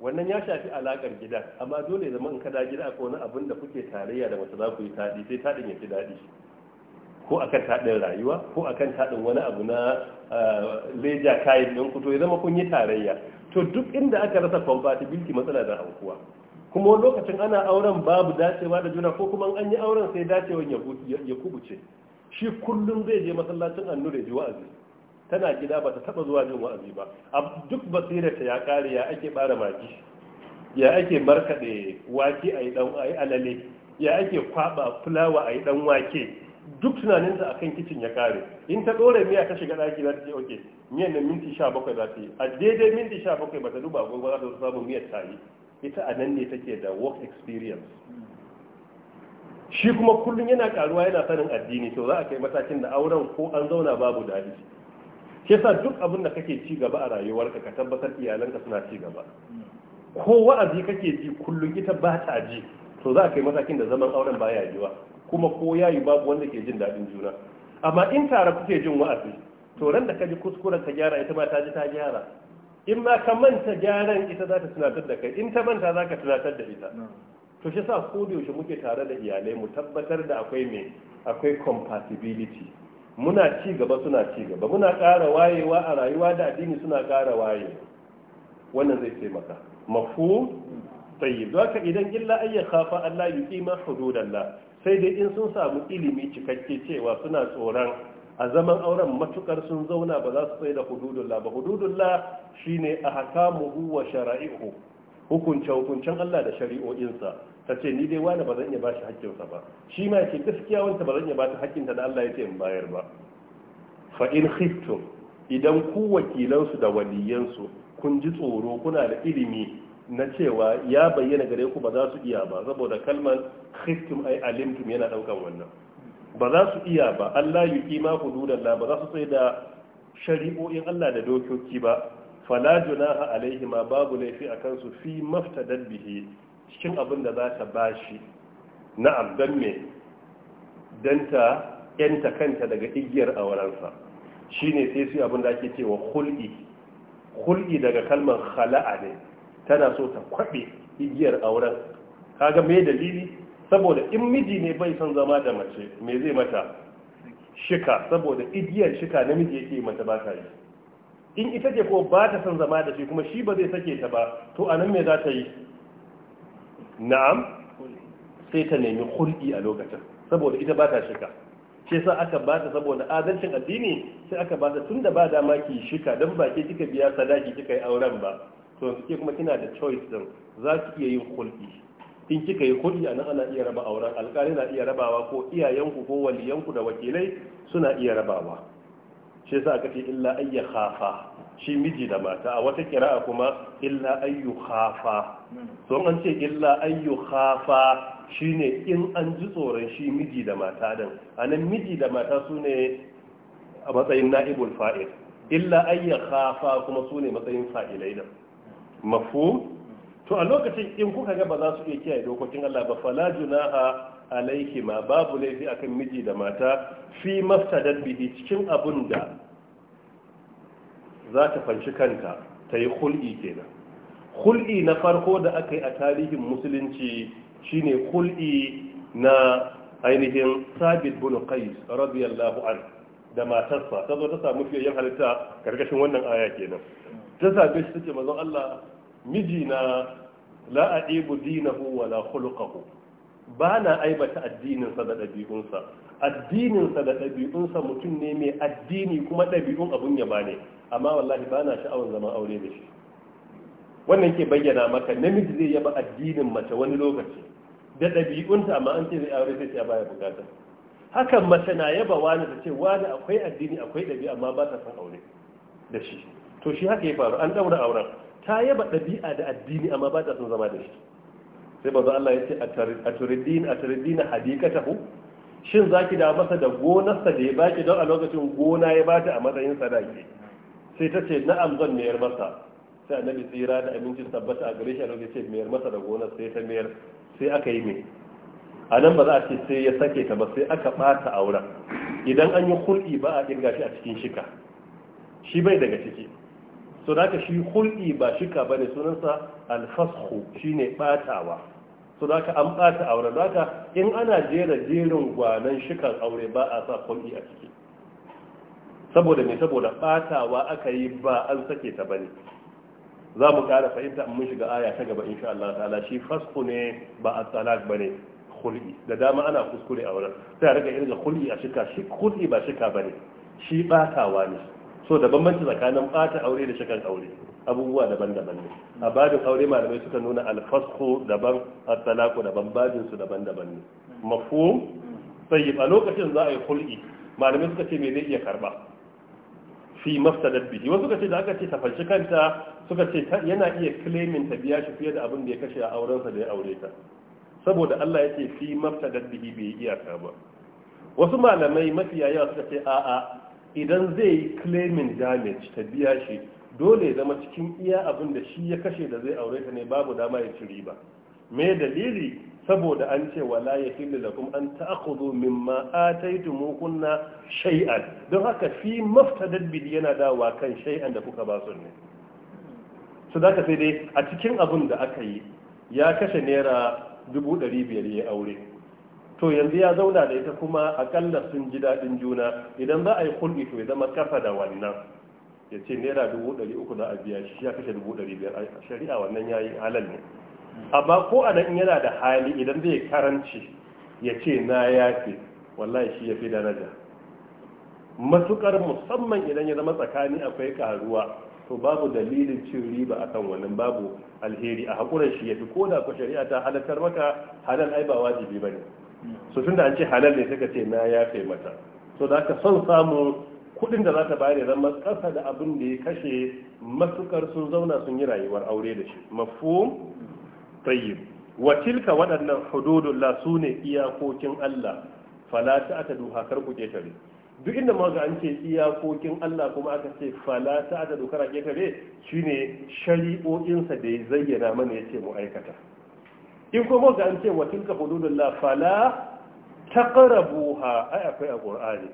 wannan ya shafi alaƙar gida amma dole zama in kada gida akwai wani abin da kuke tarayya da mace za ku yi taɗi sai taɗin ya fi daɗi ko akan taɗin rayuwa ko akan taɗin wani abu na leja kayan ɗin kuto ya zama kun yi tarayya to duk inda aka rasa compatibility matsala da aukuwa kuma lokacin ana auren babu dacewa da juna ko kuma an yi auren sai dacewan ya kubuce shi kullum zai je masallacin annure ji wa'azi tana gida ba ta taba zuwa jin wa'azi ba a duk basirarta ya ƙare ya ake bara maki ya ake markaɗe wake a yi alale ya ake kwaba fulawa a yi ɗan wake duk tunaninsa akan kicin ya kare in ta dore miya ta shiga daki za ta ce miyan nan minti 17 za ta yi a daidai minti 17 ba ta duba agogo za ta samu miyar ta yi ita a nan ne take da work experience shi kuma kullum yana karuwa yana sanin addini to za a kai matakin da auren ko an zauna babu dadi ke sa duk abin da kake ci gaba a rayuwarka ka tabbatar iyalanka suna ci gaba ko wa'azi kake ji kullum ita ba ta ji to za a kai matakin da zaman auren baya yiwa kuma ko yayi babu wanda ke jin daɗin juna amma in tare kuke jin wa'azi to ran da ka ji kuskuren ka gyara ita ba ta ji ta gyara in ma ka manta gyaran ita za ta tunatar da kai in ta manta za ka tunatar da ita to shi sa ko da yaushe muke tare da iyalai mu tabbatar da akwai me akwai compatibility muna ci gaba suna ci gaba muna ƙara wayewa a rayuwa da addini suna ƙara waye wannan zai taimaka mafu mm. tayyib ka idan illa ayya khafa Allah yuqima hududallah sai dai in sun samu ilimi cikakke cewa suna tsoron a zaman auren matukar sun zauna ba za su tsaye da hududullah ba hududullah ne a muhu wa Shari'u. hukunce hukuncen Allah da shari'o'insa ta ce ni dai wani ba zan iya bashi haƙƙinsa ba shi ma yake gaskiya wanta ba zan iya bata haƙƙinta da Allah ya ce in bayar ba fa in khiftum idan ku wakilansu da waliyansu kun ji tsoro kuna da ilimi na cewa ya bayyana gare ku ba za su iya ba saboda kalmar khiftum ai alimtum yana daukan wannan ba za su iya ba Allah yuqima hududallah ba za su tsaya da shari'o'in Allah da dokoki ba fala junaha alaihi ma babu laifi akan su fi maftadad bihi cikin abin da za ta bashi na abdan me dan yanta kanta daga igiyar aurensa shine sai su abin da ake cewa khul'i khul'i daga kalmar khala'a ne tana so ta kwaɓe igiyar auren kaga me dalili saboda in miji ne bai son zama da mace me zai mata shika saboda igiyar shika namiji yake mata ba ta yi in ita ce ko ba ta son zama da shi kuma shi ba zai sake ta ba to anan me za ta yi na'am sai ta nemi hulɗi a lokacin saboda ita ba ta shika ce sa aka ba ta saboda adalcin addini sai aka ba ta tun da ba dama ki shika don ba ke kika biya sadaki kika yi auren ba to yanzu ke kuma kina da choice din za su iya yin hulɗi in kika yi hulɗi a ana iya raba auren alƙali na iya rabawa ko iyayenku ko waliyanku da wakilai suna iya rabawa shi yasa aka ce illa ayya khafa shi miji da mata a wata kira'a kuma illa ayyu khafa to an ce illa ayyu khafa shine in an ji tsoron shi miji da mata din anan miji da mata sune a matsayin na'ibul fa'il illa ayya khafa kuma sune matsayin fa'ilai din mafu to a lokacin in kuka ga ba za su iya kiyaye dokokin Allah ba fala junaha alayhi ma babu laifi akan miji da mata fi maftadat bihi cikin abun da za ta fanci kanta ta yi hul'i kenan hul'i na farko da aka yi a tarihin musulunci shine hul'i na ainihin sabit bin qais radiyallahu anhu da matarsa ta zo ta samu fiye halitta karkashin wannan aya kenan ta same shi take mazan Allah miji na la aibu dinahu wa ba na aibata addininsa da ɗabi'unsa addininsa da ɗabi'unsa mutum ne mai addini kuma ɗabi'un abun yaba ne amma wallahi ba na sha'awar zaman aure da shi wannan ke bayyana maka namiji zai yaba addinin mace wani lokaci da ɗabi'unta amma an ce zai aure sai ya baya bukata hakan mace na yaba wani ta ce wani akwai addini akwai ɗabi'a amma ba ta son aure da shi to shi haka ya faru an daura auren ta yaba ɗabi'a da addini amma ba ta son zama da shi sai bazu Allah ya ce a turidin a turidin hadikatahu shin zaki da masa da gonarsa da ya baki don a lokacin gona ya bata a matsayin sadaki sai ta ce na'am zan mayar masa sai annabi tsira da abincin tabbata a gare shi a lokacin mayar masa da gonar sai ta mayar sai aka yi mai a nan ba za a ce sai ya sake ta ba sai aka bata auren idan an yi hulɗi ba a kirga shi a cikin shika shi bai daga ciki so da shi hulɗi ba shika ba ne sunansa alfasku ne ɓatawa so da an ɓata aure da in ana jera jerin gwanan shikan aure ba a sa hulɗi a ciki saboda ne saboda ɓatawa aka yi ba an sake ta ba ne za mu ƙara fahimta mun shiga aya ta gaba insha Allah ta'ala shi fasku ne ba a talak ba ne hulɗi da dama ana kuskure a wurin sai a riga irga hulɗi a shika shi hulɗi ba shika ba ne shi ɓatawa ne so da bambanci tsakanin bata aure da shakan aure abubuwa daban-daban ne a bajin aure malamai suka nuna alfasko daban a talaqu daban babin daban-daban ne mafu sai a lokacin za a yi hulɗi malamai suka ce me zai iya karba fi da bihi wasu suka ce da aka ce ta kanta suka ce yana iya claiming ta biya shi fiye da abin da ya kashe a aurensa da ya aure ta saboda Allah ya ce fi da bihi bai yi iyaka ba wasu malamai mafiya yawa suka ce a'a idan zai yi claiming damage ta biya shi dole ya zama cikin iya abin da shi ya kashe da zai aure ta ne babu dama ya ci riba me dalili saboda an ce wala ya fi lakum an ta'khudhu mimma mukunna shay'an don haka fi maftadad bil yana dawa kan shai'an da kuka ba su ne su da ka sai dai a cikin abin da aka yi ya kashe naira dubu ɗari biyar ya aure to yanzu ya zauna da ita kuma akalla sun ji daɗin juna idan za a yi kulɗi to ya zama kasa da wannan ya ce naira dubu ɗari uku da a shi ya kashe dubu ɗari biyar a shari'a wannan ya yi halal ne amma ko a nan yana da hali idan zai karanci ya ce na fi wallahi shi ya fi daraja matukar musamman idan ya zama tsakani akwai karuwa to babu dalilin cin riba akan wannan babu alheri a hakuran shi ya fi ko da ku shari'a ta halartar maka halal ai ba wajibi ba ne so tun da an ce halal ne suka ce na yafe mata so da aka son samu kudin da za ta bayar zama kasa da abin da ya kashe matukar sun zauna sun yi rayuwar aure da shi mafu. tsayi wa tilka waɗannan su sune iyakokin Allah fala duha kar ku ketare duk inda ma an ce iyakokin Allah kuma aka ce fala ta'tadu kara ketare shine shari'o'insa da ya zayyana mana ya ce mu aikata in kuma ga an ce wa tilka hududullah fala taqrabuha ai akwai a qur'ani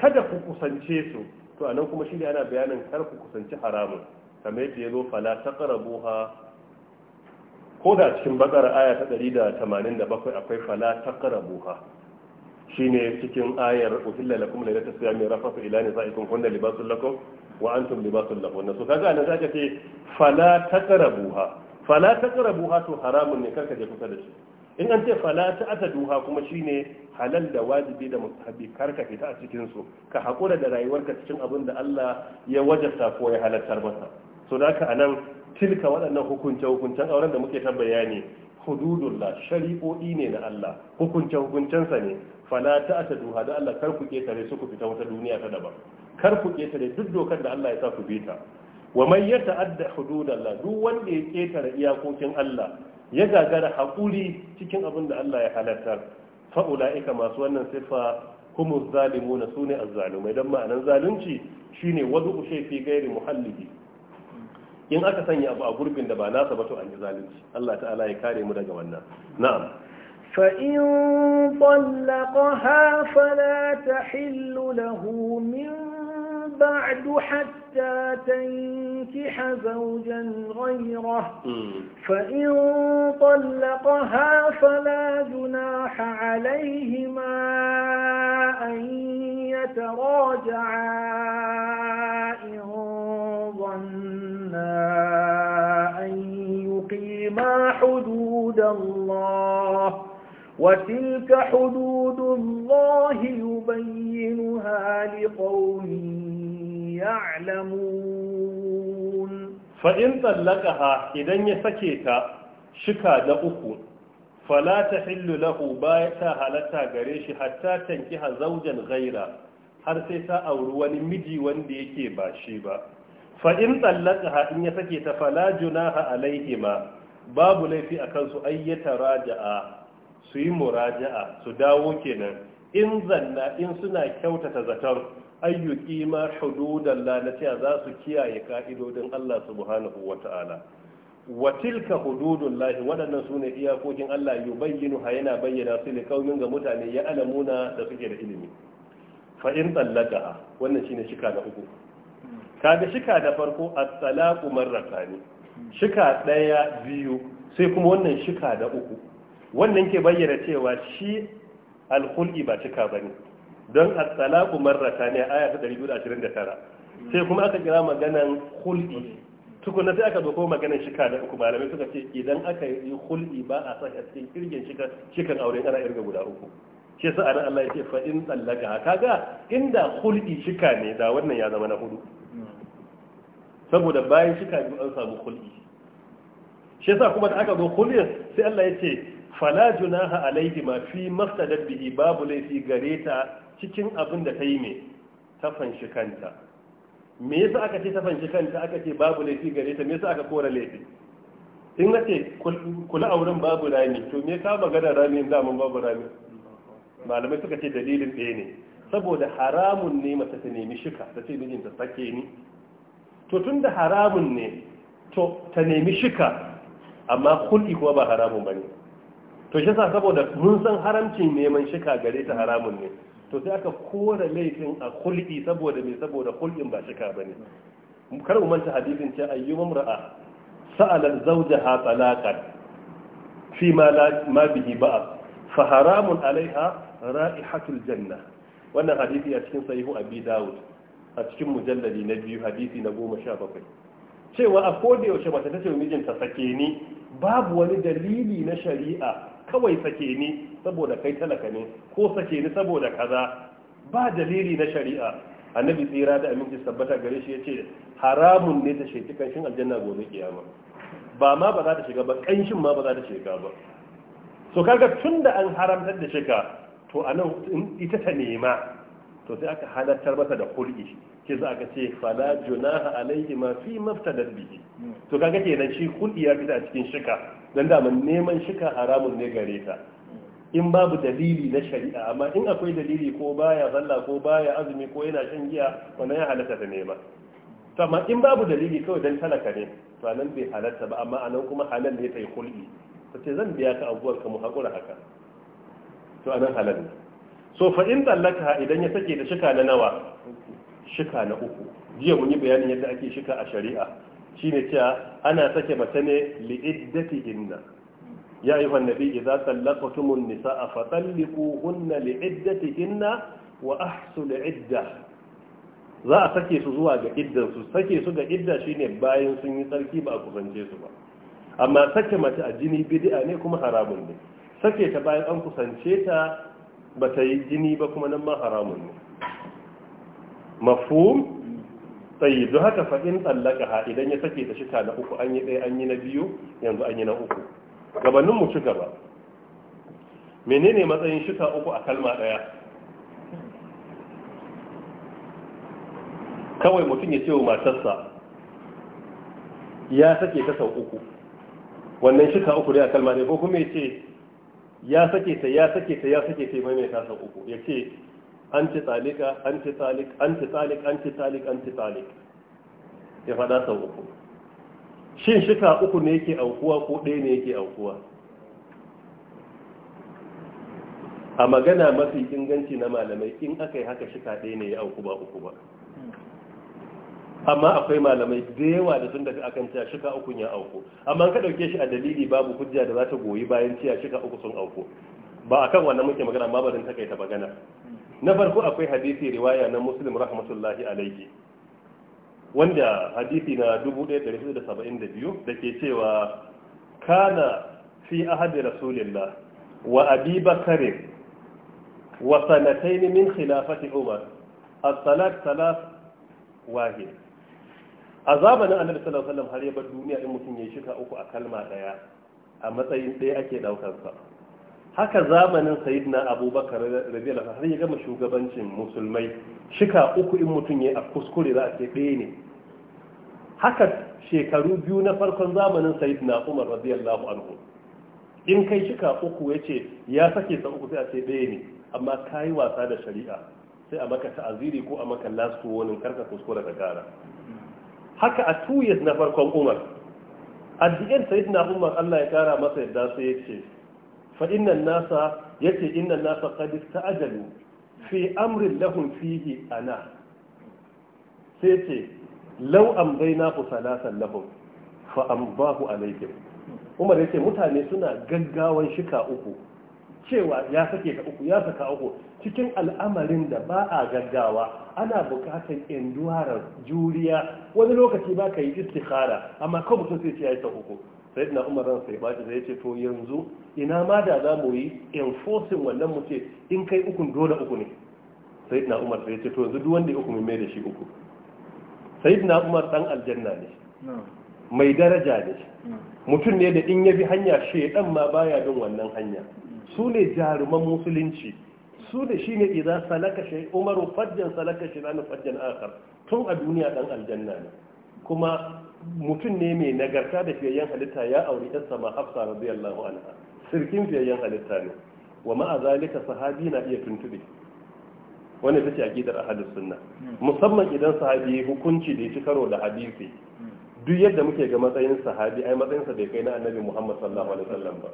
kada ku kusance su to anan kuma shi ne ana bayanin kar ku kusanci haramun kamar yadda ya zo fala taqrabuha ko da cikin bakara aya ta 187 akwai fala taqrabuha shine cikin ayar uhilla lakum laylata siyami rafasu ila nisaikum kunna libasul lakum wa antum libasul lahunna so kaga anan zaka ce fala taqrabuha fala ta karabu to haramun ne karka je kusa da shi in an ce fala ta ata duha kuma shine halal da wajibi da mustahabi karka fita a cikin su ka hakura da rayuwarka cikin abin da Allah ya wajabta ko ya halartar masa so da a anan tilka waɗannan hukunce hukuncen auren da muke ta ne hududullah shari'o'i ne na Allah hukunce hukuncensa ne fala ta ata duha da Allah kar ku ketare su ku fita wata duniya ta daban kar ku ketare duk dokar da Allah ya sa ku bi ta wa mai ya ta'adda hududallah duk wanda ya ketare iyakokin Allah ya gagara haƙuri cikin abin da Allah ya halatta fa ulaika masu wannan sifa humu zalimuna sune azzalumai dan ma'anan zalunci shine wadu ushe fi gairi muhallibi in aka sanya abu a gurbin da ba nasa ba to an yi zalunci Allah ta'ala ya kare mu daga wannan na'am فإن طلقها فلا تحل له من بعد حتى تنكح زوجا غيره فإن طلقها فلا جناح عليهما أن يتراجعا إن ظنا أن يقيما حدود الله وتلك حدود الله يبينها لقوم يعلمون فإن طلقها إذن يسكيت شكا لأكو فلا تحل له بايتا هلتا غريش حتى تنكها زوجا gaira, har sai ta auri wani miji wanda yake ba shi ba fa in in ya sake ta fala alaihi ma, babu laifi a su ayyata raja'a su yi muraja'a su dawo kenan in zanna in suna kyautata zatar ayyuki ma hududan lalatiya za su kiyaye ka'idodin Allah subhanahu wa ta'ala wa tilka hududun lahi waɗannan su ne iyakokin Allah yi bayyinu ha yana bayyana su ne kaunin ga mutane ya alamuna da suke da ilimi fa'in tsallaka wannan shine shika na uku kaga shika da farko a talaku marrata ne shika ɗaya biyu sai kuma wannan shika da uku wannan ke bayyana cewa shi alhul'i ba cika ba ne don at marrata ne aya ta 229 sai kuma aka kira maganan hulɗi tukuna sai aka doko maganan shika da uku malamai suka ce idan aka yi hulɗi ba a sa a cikin kirgin shika shikan aure ana irga guda uku shi sa ana Allah ya ce fa in tsallaka ga. inda hulɗi shika ne da wannan ya zama na hudu saboda bayan shika biyu an samu hulɗi shi sa kuma da aka zo hul'in sai Allah ya ce fala junaha alaihi ma fi maftadabbihi babu laifi gareta cikin abin da ta yi mai ta fanshi kanta me yasa aka ce ta fanshi kanta aka ce babu laifi gare ta me yasa aka kora laifi in na ce kula auren babu rami to me ka magana rami da mun babu rami malamai suka ce dalilin ɗaya ne saboda haramun ne mata ta nemi shika ta ce mijinta sake ni to tun da haramun ne to ta nemi shika amma kulli kuwa ba haramun ba ne to shi sa saboda mun san haramcin neman shika gare ta haramun ne to sai aka kora laifin a kulki saboda mai saboda kulkin ba shika bane kar mu manta hadisin ce ayyuma ra'a sa'ala zawjaha talaqan fi ma la ma bihi ba'a fa haramun alaiha ra'ihatul janna wannan hadisi a cikin sahihu abi daud a cikin mujalladi na biyu hadisi na goma sha cewa a koda yaushe mace ta ce mijinta sake ni babu wani dalili na shari'a kawai sake ni saboda kai talaka ne ko sake ni saboda kaza ba dalili na shari'a annabi tsira da aminci tabbata gare shi ce haramun ne ta sheki kanshin aljanna gobe kiyama ba ma ba za ta shiga ba kanshin ma ba za ta shiga ba so kaga tunda an haramtar da shika to anan ita ta nema to sai aka halartar masa da kulki, ke za ka ce fala junaha alaihi ma fi maftadat bihi hmm. to kaga kenan shi kulki ya fita cikin shika don dama neman shika haramun ne gare ta in babu dalili na shari'a amma in akwai dalili ko baya zalla ko baya azumi ko yana shan giya wannan ya halatta ta nema to amma in babu dalili kawai dan talaka ne to nan bai halatta ba amma anan kuma halal ne ta yi kulli to sai zan biya ka abuwar ka mu haƙura haka to anan halal ne so fa in tsallaka idan ya sake da shika na nawa shika na uku jiya mun yi bayanin yadda ake shika a shari'a shine cewa ana sake mace ne inna ya ayyuhan nabi idza talaqtumun nisaa li'iddati inna wa ahsul idda za a sake su zuwa ga iddan su sake su ga idda shine bayan sun yi tsarki ba a kusance su ba amma sake mace a jini bid'a ne kuma haramun ne sake ta bayan an kusance ta ba ta yi jini ba kuma nan ma haramun ne mafhum sai don haka fa'in tsallaka ha idan ya sake ta shika na uku an yi ɗaya an yi na biyu yanzu an yi na uku gabanin mu ci gaba menene matsayin shika uku a kalma ɗaya kawai mutum ya ce wa matarsa ya sake ta sau uku wannan shika uku da kalma ne ko kuma ya ce ya sake ta ya sake ta ya sake ta mai mai ta sau uku ya ce anti talika anti talik anti talik anti talik anti talik ya fada sau uku shin shika uku ne yake aukuwa ko ɗaya ne yake aukuwa a magana mafi inganci na malamai in aka yi haka shika ɗaya ne ya auku ba uku ba amma akwai malamai da yawa da sun daga akan cewa shika uku ya auku amma ka ɗauke shi a dalili babu hujja da za ta goyi bayan cewa shika uku sun auku ba akan wannan muke magana ba barin takaita magana na farko akwai hadisi riwaya na muslim rahmatullahi alaihi wanda hadisi na 1172 da ke cewa kana fi ahadi rasulillah wa abi bakarin wa sanatayn min khilafati umar as-salat salat wahid a zamanin annabi sallallahu alaihi wasallam har ya bar duniya in mutum ya shika uku a kalma daya a matsayin ɗaya ake daukar sa haka zamanin na abubakar radiyallahu har ya gama shugabancin musulmai shika uku in mutum ya a kuskure za a ce ɗaya ne haka shekaru biyu na farkon zamanin na umar allahu anhu in kai shika uku ya ce ya sake sa uku sai a ce ɗaya ne amma ka yi wasa da shari'a sai a maka ta'aziri ko a maka lasu wani karka kuskure ka gara haka a two years na farkon umar a the end umar Allah ya kara masa yadda sai ya ce fa innan nasa yace innan nasa qad ista'jalu fi amrin lahum fihi ana sai ce law baina ku salasan lahum fa amdahu alaykum umar yace mutane suna gaggawan shika uku cewa ya sake ka uku ya saka uku cikin al'amarin da ba a gaggawa ana bukatar enduwarar juriya wani lokaci ba ka yi istikhara amma kawai mutum sai ce ya yi ta uku sai na umar ransa ya baci zai ce to yanzu ina ma da za mu yi enforcing wannan mu ce in kai ukun dole uku ne sai na umar sai ce to yanzu duk wanda ya uku mai da shi uku sai na umar dan aljanna ne mai daraja ne mutum ne da in ya bi hanya shi ya dan ma baya bin wannan hanya su ne jaruman musulunci su da shi ne idan salaka shi umaru fajjan salaka shi na fajjan akar tun a duniya dan aljanna ne kuma mutum ne mai nagarta da fiyayyen halitta ya auri yarsa sama hafsa radiyallahu anha sirkin fiyayyen halitta ne wa ma'a zalika sahabi na iya tuntube wanda take aqidar ahlus sunna hmm. musamman idan sahabi hukunci da ya ci karo da hadisi hmm. duk yadda muke ga matsayin sahabi ai matsayin sa bai kai na annabi Muhammad sallallahu alaihi wasallam ba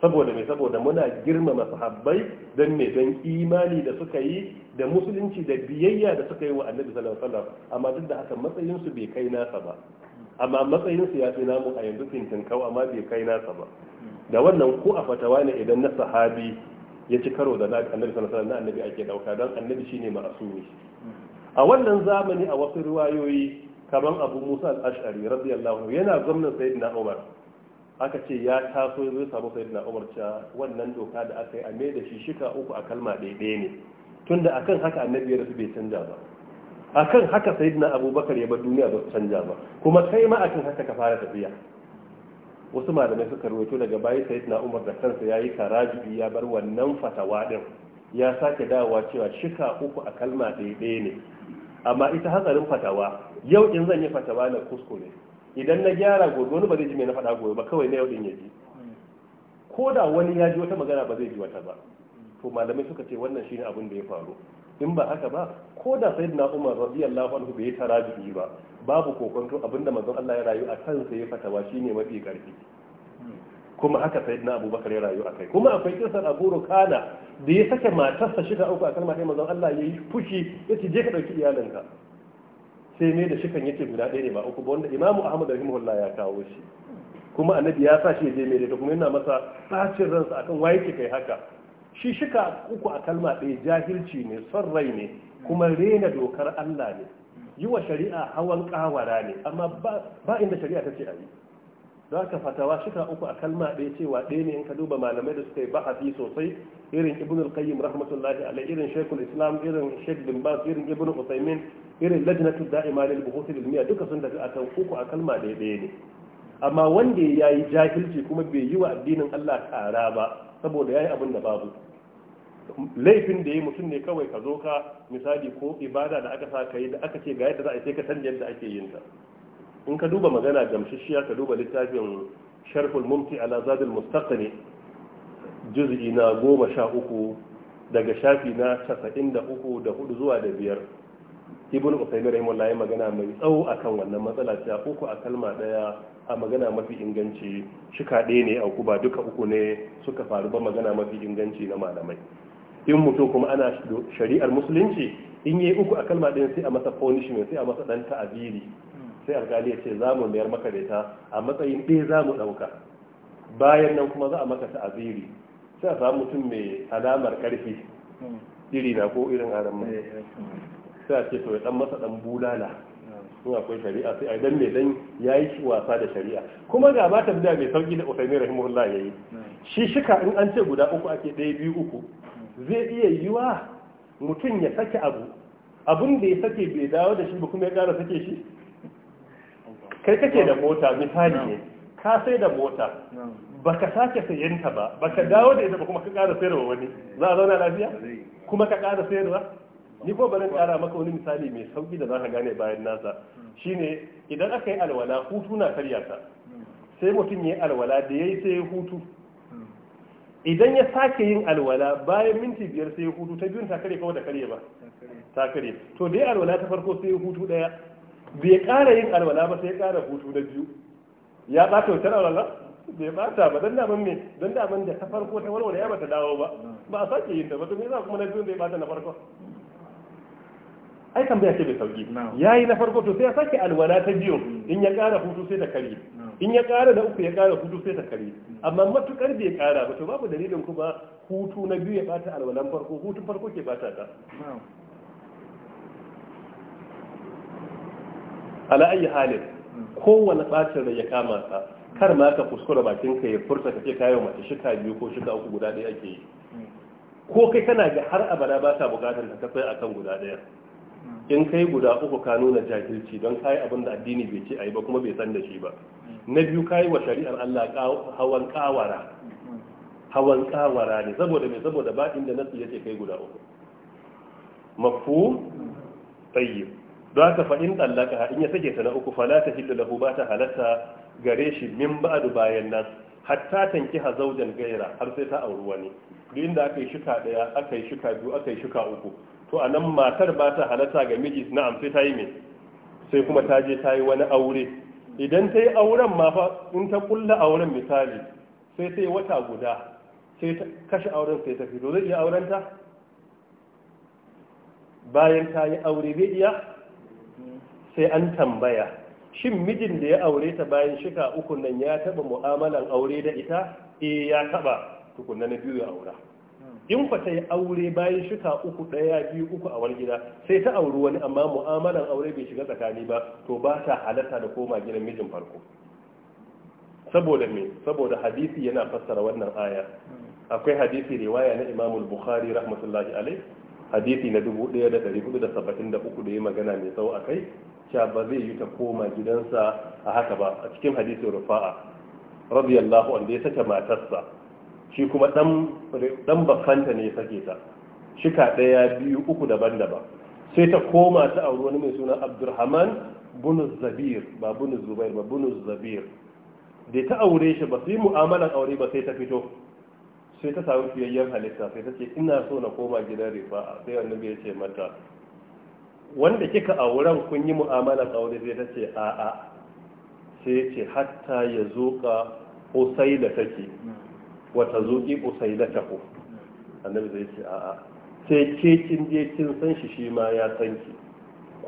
saboda mai saboda muna girmama sahabbai don mai don imani da suka yi da musulunci da biyayya da suka yi wa annabi sallallahu alaihi wasallam amma duk da haka matsayin su bai kai nasa ba amma matsayin su ya fi namu a yanzu fintin kau amma bai kai nasa ba da wannan ko a fatawa ne idan na sahabi ya ci karo da na annabi sallallahu alaihi annabi ake dauka dan annabi shine ma'asumi a wannan zamani a wasu riwayoyi kaman Abu Musa al-Ash'ari radiyallahu yana gwamnan sayyidina Umar aka ce ya taso zai samu sayyidina Umar cewa wannan doka da aka yi a mai da shi shika uku a kalma ɗaya ne tunda akan haka annabi ya rasu bai canja ba akan haka sayyidina abubakar ya ba duniya ba su canja ba kuma kai ma akan haka ka fara tafiya wasu malamai suka rawaito daga bayi sayyidina umar da kansa yayi karajibi ya bar wannan fatawa din ya sake dawowa cewa shika uku a kalma ɗaya ne amma ita hatsarin fatawa yau in zan yi fatawa na kuskure idan na gyara gobe wani ba zai ji mai na faɗa gobe ba kawai na yau din ya ji ko da wani ya ji wata magana ba zai ji wata ba to malamai suka ce wannan shine abin da ya faru in ba haka ba ko da sai na umar radiyallahu anhu bai tarabi ba babu kokonto abinda manzon Allah ya rayu a kansa ya fatawa shine mafi karfi kuma haka sai na abubakar ya rayu a kai kuma akwai kisan abu rukana da ya saka matarsa shika uku a kalmar manzon Allah ya yi fushi ya je ka ɗauki iyalinka sai mai da shikan yake guda ɗaya ne ba uku ba wanda imamu ahmad rahimahullah ya kawo shi kuma annabi ya sa shi ya je mai da kuma yana masa ɓacin ransa akan waye ke kai haka shi shika uku a kalma ɗaya jahilci ne son rai ne kuma rena dokar Allah ne yi wa shari'a hawan kawara ne amma ba inda shari'a ta ce a yi za ka fatawa shika uku a kalma ɗaya cewa ɗaya ne in ka duba malamai da suka yi ba'afi sosai irin ibn al-qayyim rahmatullahi alai irin shaykhul islam irin shaykh bin bas irin ibn usaymin irin lajnatu da'ima lil buhuth ilmiya duka sun tafi akan uku a kalma ɗaya ɗaya ne amma wanda yayi yi jahilci kuma bai yi wa addinin Allah kara ba saboda yayi yi abin da babu laifin da yi mutum ne kawai ka zo ka misali ko ibada da aka sa ka yi da aka ce ga yadda za a sai ka san yadda ake yin ta in ka duba magana gamsashiya ka duba littafin sharhul mumti ala zadil mustaqni juz'i na goma sha uku daga shafi na casa'in da uku da hudu zuwa da biyar ibn usaimi rahimullah ya magana mai tsawo akan wannan matsala ta uku a kalma daya a magana mafi inganci shika ɗaya ne a kuba duka uku ne suka faru ba magana mafi inganci na malamai in mutum kuma ana shari'ar musulunci in yi uku a kalma ɗin sai a masa punishment sai a masa ɗan ta'abiri sai alkali ya ce za mu mayar maka da a matsayin ɗaya za mu ɗauka bayan nan kuma za a maka ta'abiri sai a samu mutum mai alamar ƙarfi iri na ko irin aran mai sai a ce to ya ɗan masa ɗan bulala in akwai shari'a sai a dan mai dan ya yi wasa da shari'a kuma ga ba ta mai sauƙi da usaimin rahimahullah ya yi shi shika in an ce guda uku ake ɗaya biyu uku zai iya yiwa mutum ya sake abu abun da ya sake bai dawo da shi ba kuma ya ƙara sake shi kai kake da mota misali ne ka sai da mota baka sake sayenta ba baka dawo da ita ba kuma ka ƙara sayarwa wani za a zauna lafiya kuma ka ƙara sayarwa ni ko barin ƙara maka wani misali mai sauki da za ka gane bayan nasa shine idan aka yi alwala hutu na karyata sai mutum ya yi alwala da ya yi sai hutu idan ya sake yin alwala bayan minti biyar sai ya hutu ta biyun ta kare kawai da kare ba ta kare to dai alwala ta farko sai ya hutu daya bai kara yin alwala ba sai ya kara hutu na biyu ya bata wutar alwala bai bata ba dan daman me dan daman da ta farko ta walwala ya bata dawo ba ba a sake yin ta ba to me yasa kuma na biyun bai bata na farko ai tambaya ce da sauki yayi na farko to sai ya sake alwala ta biyu mm. in ya kara hutu sai ta kare in ya kara na uku ya kara hutu sai ta kare mm. amma matukar bai kara ba to babu dalilin kuma hutu na biyu ya bata alwalan farko hutun farko ke bata ta ala ayi halin mm. kowane bacin da ya kama ta kar ma ka kuskura bakin ka ya furta ka ce kayo mace shika biyu ko shika uku guda ɗaya ake yi ko kai kana ga har abada ba ta bukatar ka kai akan guda ɗaya in kai guda uku ka nuna jahilci don kai abin da addini bai ce ayi ba kuma bai san da shi ba na biyu kai wa shari'ar Allah hawan kawara hawan kawara ne saboda me saboda ba inda nasu yace kai guda uku mafu tayyib don haka fa in tallaka in ya sake ta na uku la ta hidda lahu ba ta halatta gare shi min ba'du bayan nan hatta tanki hazaujan gaira har sai ta auri wani duk inda aka yi shuka daya aka yi shuka biyu aka yi shuka uku to a nan matar ba ta halatta ga miji na sai ta yi mai sai kuma ta je ta yi wani aure idan ta yi auren ma fa in ta kulla auren misali sai sai wata guda sai ta kashe auren sai ta fito zai iya auren ta bayan ta yi aure zai iya sai an tambaya shin mijin da ya aure ta bayan shika uku nan ya taba mu'amalan aure da ita eh ya taba tukunna na biyu ya aura in fa ta yi aure bayan shuka uku ɗaya biyu uku a wani gida sai ta auri wani amma mu'amalan aure bai shiga tsakani ba to ba ta halatta da koma gidan mijin farko saboda me saboda hadisi yana fassara wannan aya akwai hadisi riwaya na Imam Bukhari rahmatullahi alaihi hadisi na 1473 da ya magana mai tsawo akai cewa ba zai yi ta koma gidansa a haka ba a cikin hadisin Rufa'a radiyallahu anhu ya sake matarsa shi kuma dan baffanta ne ya sake ta shika ɗaya biyu uku daban-daban sai ta koma ta auri wani mai suna abdurrahman bunu zabir ba bunu zubair ba bunu zabir da ta aure shi ba su yi mu'amalan aure ba sai ta fito sai ta samu fiyayyen halitta sai ta ce ina so na koma gidan rifa sai annabi ya ce mata wanda kika auren kun yi mu'amalan aure sai ta ce a'a sai ce hatta ya zo ka sai da take wata zuki kusai da taho annabi zai ce a'a sai ke kin je kin san shi shi ma ya san ki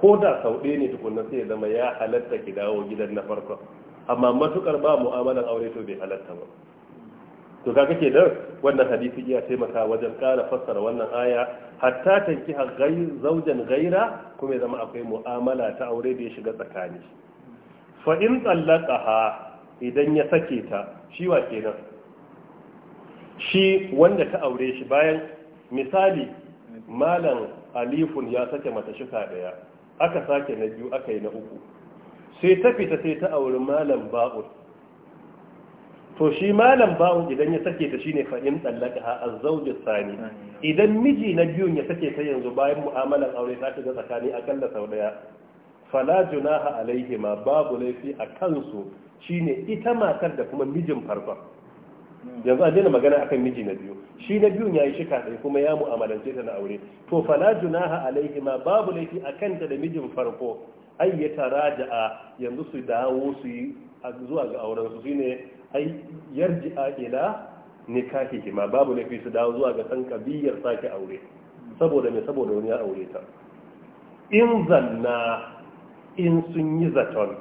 ko da sau ne tukunna sai ya zama ya halatta ki dawo gidan na farko amma matukar ba mu'amalan aure to bai halatta ba to kaga ke dan wannan hadisi ya taimaka wajen kara fassara wannan aya hatta tanki gai zaujan gaira kuma ya zama akwai mu'amala ta aure da ya shiga tsakani fa in ha idan ya sake ta shi wa kenan shi wanda ta aure shi bayan misali malam alifun ya sake mata shika daya aka sake na biyu aka yi na uku sai ta fita sai ta auri malam ba'ul to shi malam ba'ul idan ya sake ta shine fa'in tsallaka tallaqaha az sani idan miji na biyun ya sake ta yanzu bayan mu'amalan aure ta shiga tsakani akalla sau daya fala junaha alaihima babu laifi a kansu shine ita matar da kuma mijin farkon yanzu an daina magana akan miji na biyu shi na biyun yayi shi kadai kuma ya mu'amalance ta na aure to fala junaha alaihi ma babu laifi a kanta da mijin farko ai ya taraja'a yanzu su dawo su yi zuwa ga auren su shine ai a ila nikahihi ma babu laifi su dawo zuwa ga san kabiyar sake aure saboda me saboda wani ya aure ta in zanna in sun yi zaton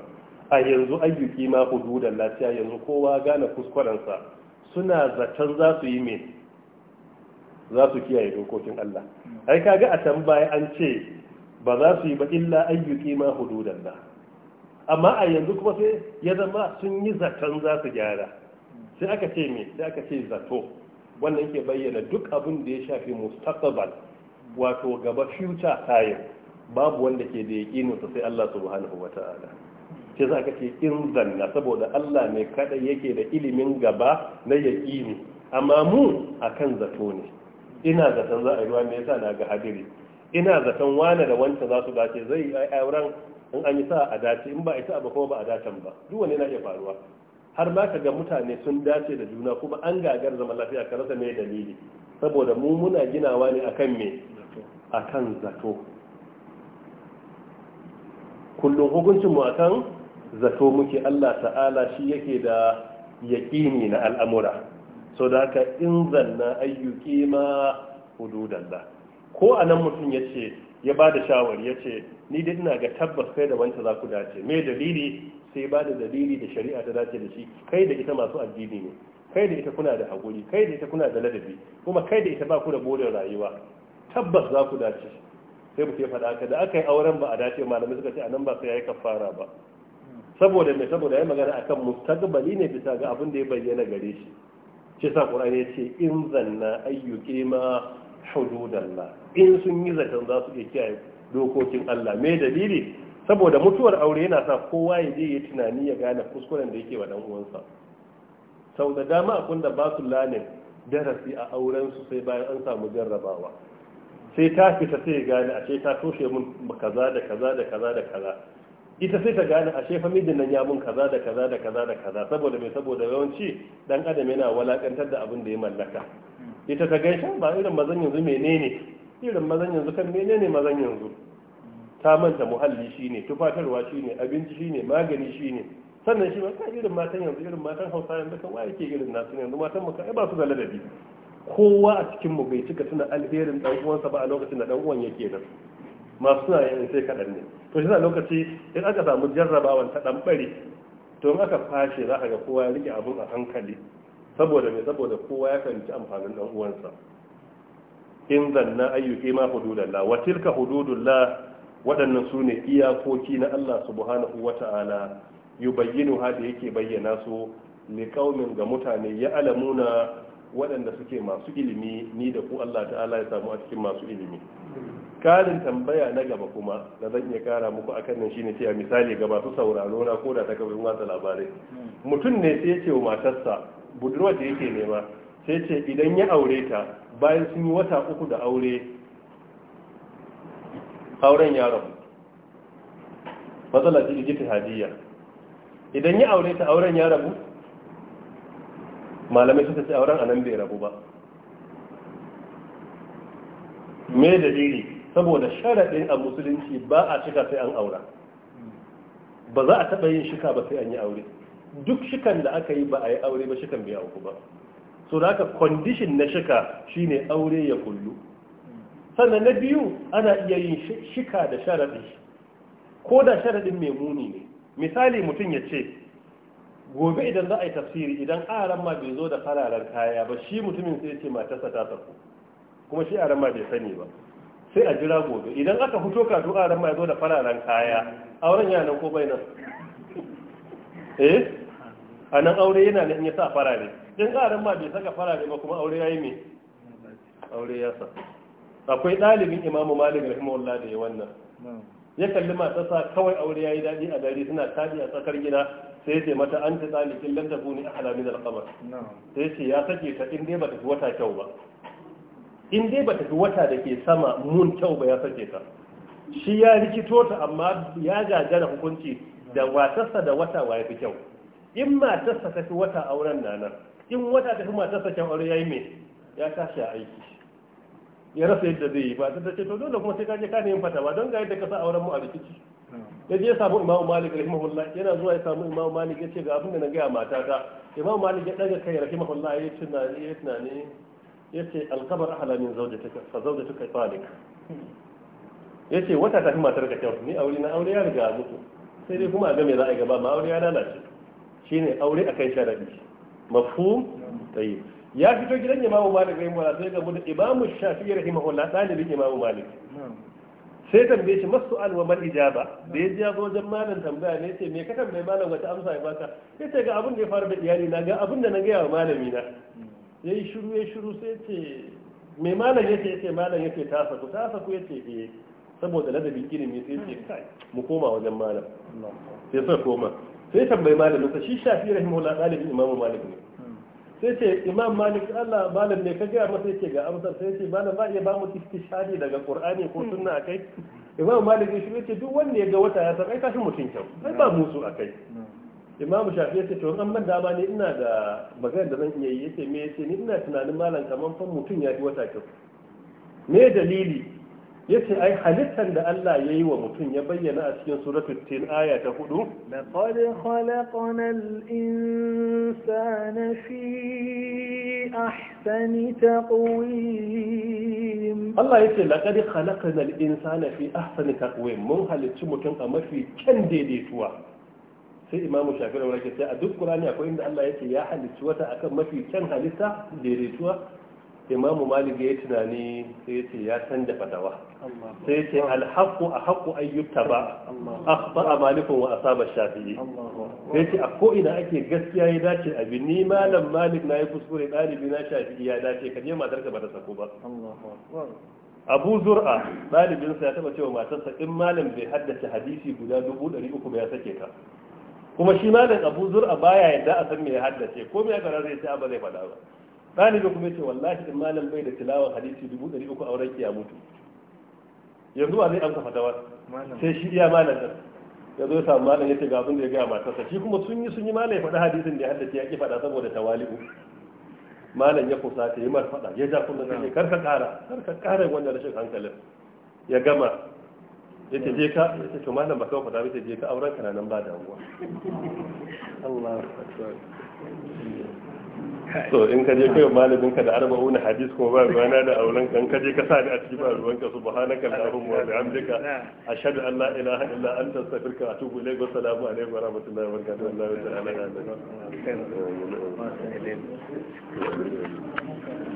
a yanzu ayyuki ma hududan lafiya yanzu kowa gane kuskurensa suna zaton za su yi mai za su kiyaye dokokin Allah ai kaga a can baya an ce ba za su yi ba illa ayyuki ma hududan ba amma a yanzu kuma sai ya zama sun yi zaton za su gyara sai aka ce me sai aka ce zato wannan ke bayyana duk abin da ya shafi mustaqbal wato gaba future time babu wanda ke da yaqinin sai Allah subhanahu wataala ce za ka ce in zanna saboda Allah ne kadai yake da ilimin gaba na yaƙini amma mu akan zato ne ina zaton za a yi ruwa me yasa na ga hadiri ina zaton wane da wancan za su dace zai yi auren in an yi sa a dace in ba a yi sa ba kuma ba a dacen ba duk wani na iya faruwa har ma ka ga mutane sun dace da juna kuma an gagar zaman lafiya ka rasa mai dalili saboda mu muna ginawa ne akan me akan zato kullum hukuncin mu akan zato muke Allah ta'ala shi yake da yaƙini na al'amura so da haka in zanna ayyuki ma hududan da ko a nan mutum ya ce ya ba da shawari ya ce ni da ina ga tabbas kai da wanta za ku dace me dalili sai ba da dalili da shari'a ta dace da shi kai da ita masu addini ne kai da ita kuna da haƙuri kai da ita kuna da ladabi kuma kai da ita ba ku da burin rayuwa tabbas za ku dace sai mu ce faɗa da aka yi auren ba a dace malamai suka ce a nan ba sai ya yi kafara ba saboda mai saboda ya magana akan mustaqbali ne bisa ga abin da ya bayyana gare shi shi sa qur'ani ya ce in zanna ayyuke ma hududallah in sun yi zaton za su iya kiyaye dokokin Allah me dalili saboda mutuwar aure yana sa kowa ya je ya tunani ya gane kuskuren da yake wa dan uwansa sau da dama akun da ba su lanin darasi a auren su sai bayan an samu jarrabawa sai ta fita sai gane a ce ta toshe mun kaza da kaza da kaza da kaza ita sai ta gane ashe fa mijin nan ya mun kaza da kaza da kaza da kaza saboda me saboda yawanci dan adam yana walakantar da abin da ya mallaka ita ta gaishe ba irin mazan yanzu menene irin mazan yanzu kan menene mazan yanzu ta manta muhalli shine tufatarwa shine abinci shine magani shine sannan shi ma ka irin matan yanzu irin matan Hausa yanzu kan waye ke irin nasu yanzu matan mu kai ba su da ladabi kowa a cikin mu bai cika tuna alherin dan uwansa ba a lokacin da dan uwan yake nan masu suna yin sai kaɗan ne to shi lokaci in aka samu jarrabawan ta ɗan ɓari, to in aka fashe za a ga kowa ya rike abin a hankali saboda mai saboda kowa ya fahimci amfanin ɗan uwansa in zanna ayyuke ma hududallah wa tilka la waɗannan su ne iyakoki na Allah subhanahu wa ta'ala yu bayyana hada yake bayyana su liƙaumin ga mutane ya alamuna waɗanda suke masu ilimi ni da ku Allah ta'ala ya samu a cikin masu ilimi karin tambaya na gaba kuma da zan iya kara muku akan nan shine a misali ga masu sauraro na ko da ta kafin labarai mutum ne sai ya ce wa matarsa budurwa da yake nema sai ce idan ya aure ta bayan sun yi wata uku da aure auren rabu matsala ce Hadiyya. idan ya aure ta auren ya rabu malamai suka ce auren a nan bai rabu ba me dalili saboda sharaɗin a musulunci ba a cika sai an aura ba za a taɓa yin shika ba sai an yi aure duk shikan da aka yi ba a yi aure ba shikan bai auku ba so da haka kwandishin na shika shine aure ya kullu sannan na biyu ana iya yin shika da sharaɗi ko da sharaɗin mai muni ne misali mutum ya ce gobe idan za a yi tafsiri idan aran ma bai zo da fararen kaya ba shi mutumin sai ce matarsa ta tafi kuma shi aran ma bai sani ba sai a jira gobe idan aka fito kafin aran ma ya zo da fararen kaya auren nan ko bai nan eh a nan aure yana nan ya sa farare Idan aran ma bai saka farare ba kuma aure ya yi me aure ya sa akwai ɗalibin imamu malik rahimahullah da ya wannan ya kalli matarsa kawai aure ya yi daɗi a gari suna taɗi a tsakar gida sai ce mata an ta tsalikin lantafu buni a halamin alkamar sai ce ya sake ta in dai ba ta fi wata kyau ba in dai ba ta fi wata da ke sama mun kyau ba ya sake ta shi ya rikito ta amma ya gagara hukunci da watarsa da wata wa ya fi kyau in matarsa ta fi wata auren na nan in wata ta fi matarsa kyau aure ya yi mai ya tashi a aiki ya rasa yadda zai yi ba ta ce to dole kuma sai ka je ka yin fata ba don ga yadda ka sa auren mu a rikici ya je ya samu imamu malik rahimahullah yana zuwa ya samu imamu malik ya ce ga abin da na gaya matata imamu malik ya daga kai rahimahullah ya ce tunani ya tunani ya ce alkabar ahala min zaujatuka fa zaujatuka salik ya ce wata ta fi matar ka kyau ni aure na aure ya riga mutu sai dai kuma a ga me za a gaba ma aure ya lalace shine aure akan sharadi mafhum tayyib ya fito gidan imamu malik rahimahullah sai ga mutu imamu shafi'i rahimahullah dalibin imamu malik sai tambaye shi masu alwa mal ijaba da ya ji yazo wajen malam tambaya ne ce me ka tambaye malam wata amsa ya baka ya ce ga abin da ya faru da iyali na ga abin da na gaya wa malami na ya yi shiru ya shiru sai ce me malam ya ce ya ce malam ya ce ta saku ta saku ya ce eh saboda ladabin ilimi sai ce kai mu koma wajen malam sai sa koma sai tambayi malam sa shi shafi rahimahullah dalibin imamu malik ne sai ce imam malik allah malam ne ka gaya masa yake ga amsar sai ce malam ba ya ba mu istishhadi daga qur'ani ko hmm. sunna akai imam malik shi yace duk wanda ya ga wata ya san ai kashi mutun kyau ai ba hmm. musu akai imam shafi yake to an ban dama ne ina da magana da zan iya yi yake me yake ni ina tunanin malam kaman fa mutum ya ji wata kyau me dalili yace ai halittar da Allah ya yi wa mutum ya bayyana a cikin suratul tin aya ta hudu laqad khalaqnal insana fi ahsani taqwim Allah yace laqad khalaqnal insana fi ahsani taqwim mun halicci mutum a mafi kyan daidaituwa sai imamu shafi'i wake sai a duk qur'ani akwai inda Allah yace ya halicci wata akan mafi kyan halitta daidaituwa imamu malik ya tunani sai ya ce ya canja fatawa sai ce alhaku a haku ayyuka ba akhta a malikun wa asaba shafi'i sai ce a ko'ina ake gaskiya ya dace abi ni malam malik na yi kuskure ɗalibi na shafi'i ya dace ka je matarka ba ta sako ba abu zur'a ɗalibinsa ya taɓa cewa matarsa in malam bai haddace hadisi guda dubu ɗari uku ba ya sake ka kuma shi malam abu zur'a baya yadda a san me ya haddace ko me ya gara zai ce ah, ba zai faɗa ba Ɗalibin kuma ya ce wallahi in malam bai da tilawar hadisi dubu ɗari uku auren ki ya mutu yanzu ba zai amsa fatawar sai shi iya malamin ya zo ya samu malam ya ce ga abin da ya gaya matarsa shi kuma sun yi sun yi malam ya faɗi hadisin da ya haddace ya ki faɗa saboda tawali'u malam ya kusa ta yi mar faɗa ya ja da sai kar ka ƙara kar ka ƙara wannan rashin hankalin ya gama ya ce je ka ya ce to malam ba kawai faɗa ba ce je ka auren ka nan ba damuwa Allah akbar so in ka je kai malamin ka da arba'una hadis kuma ba ruwana da auren kan ka je ka sa ni a cikin ruwan ka subhanaka allahumma wa bihamdika ashhadu an la ilaha illa anta astaghfiruka wa atubu ilayk wa assalamu alaykum wa rahmatullahi wa barakatuh Allahu ta'ala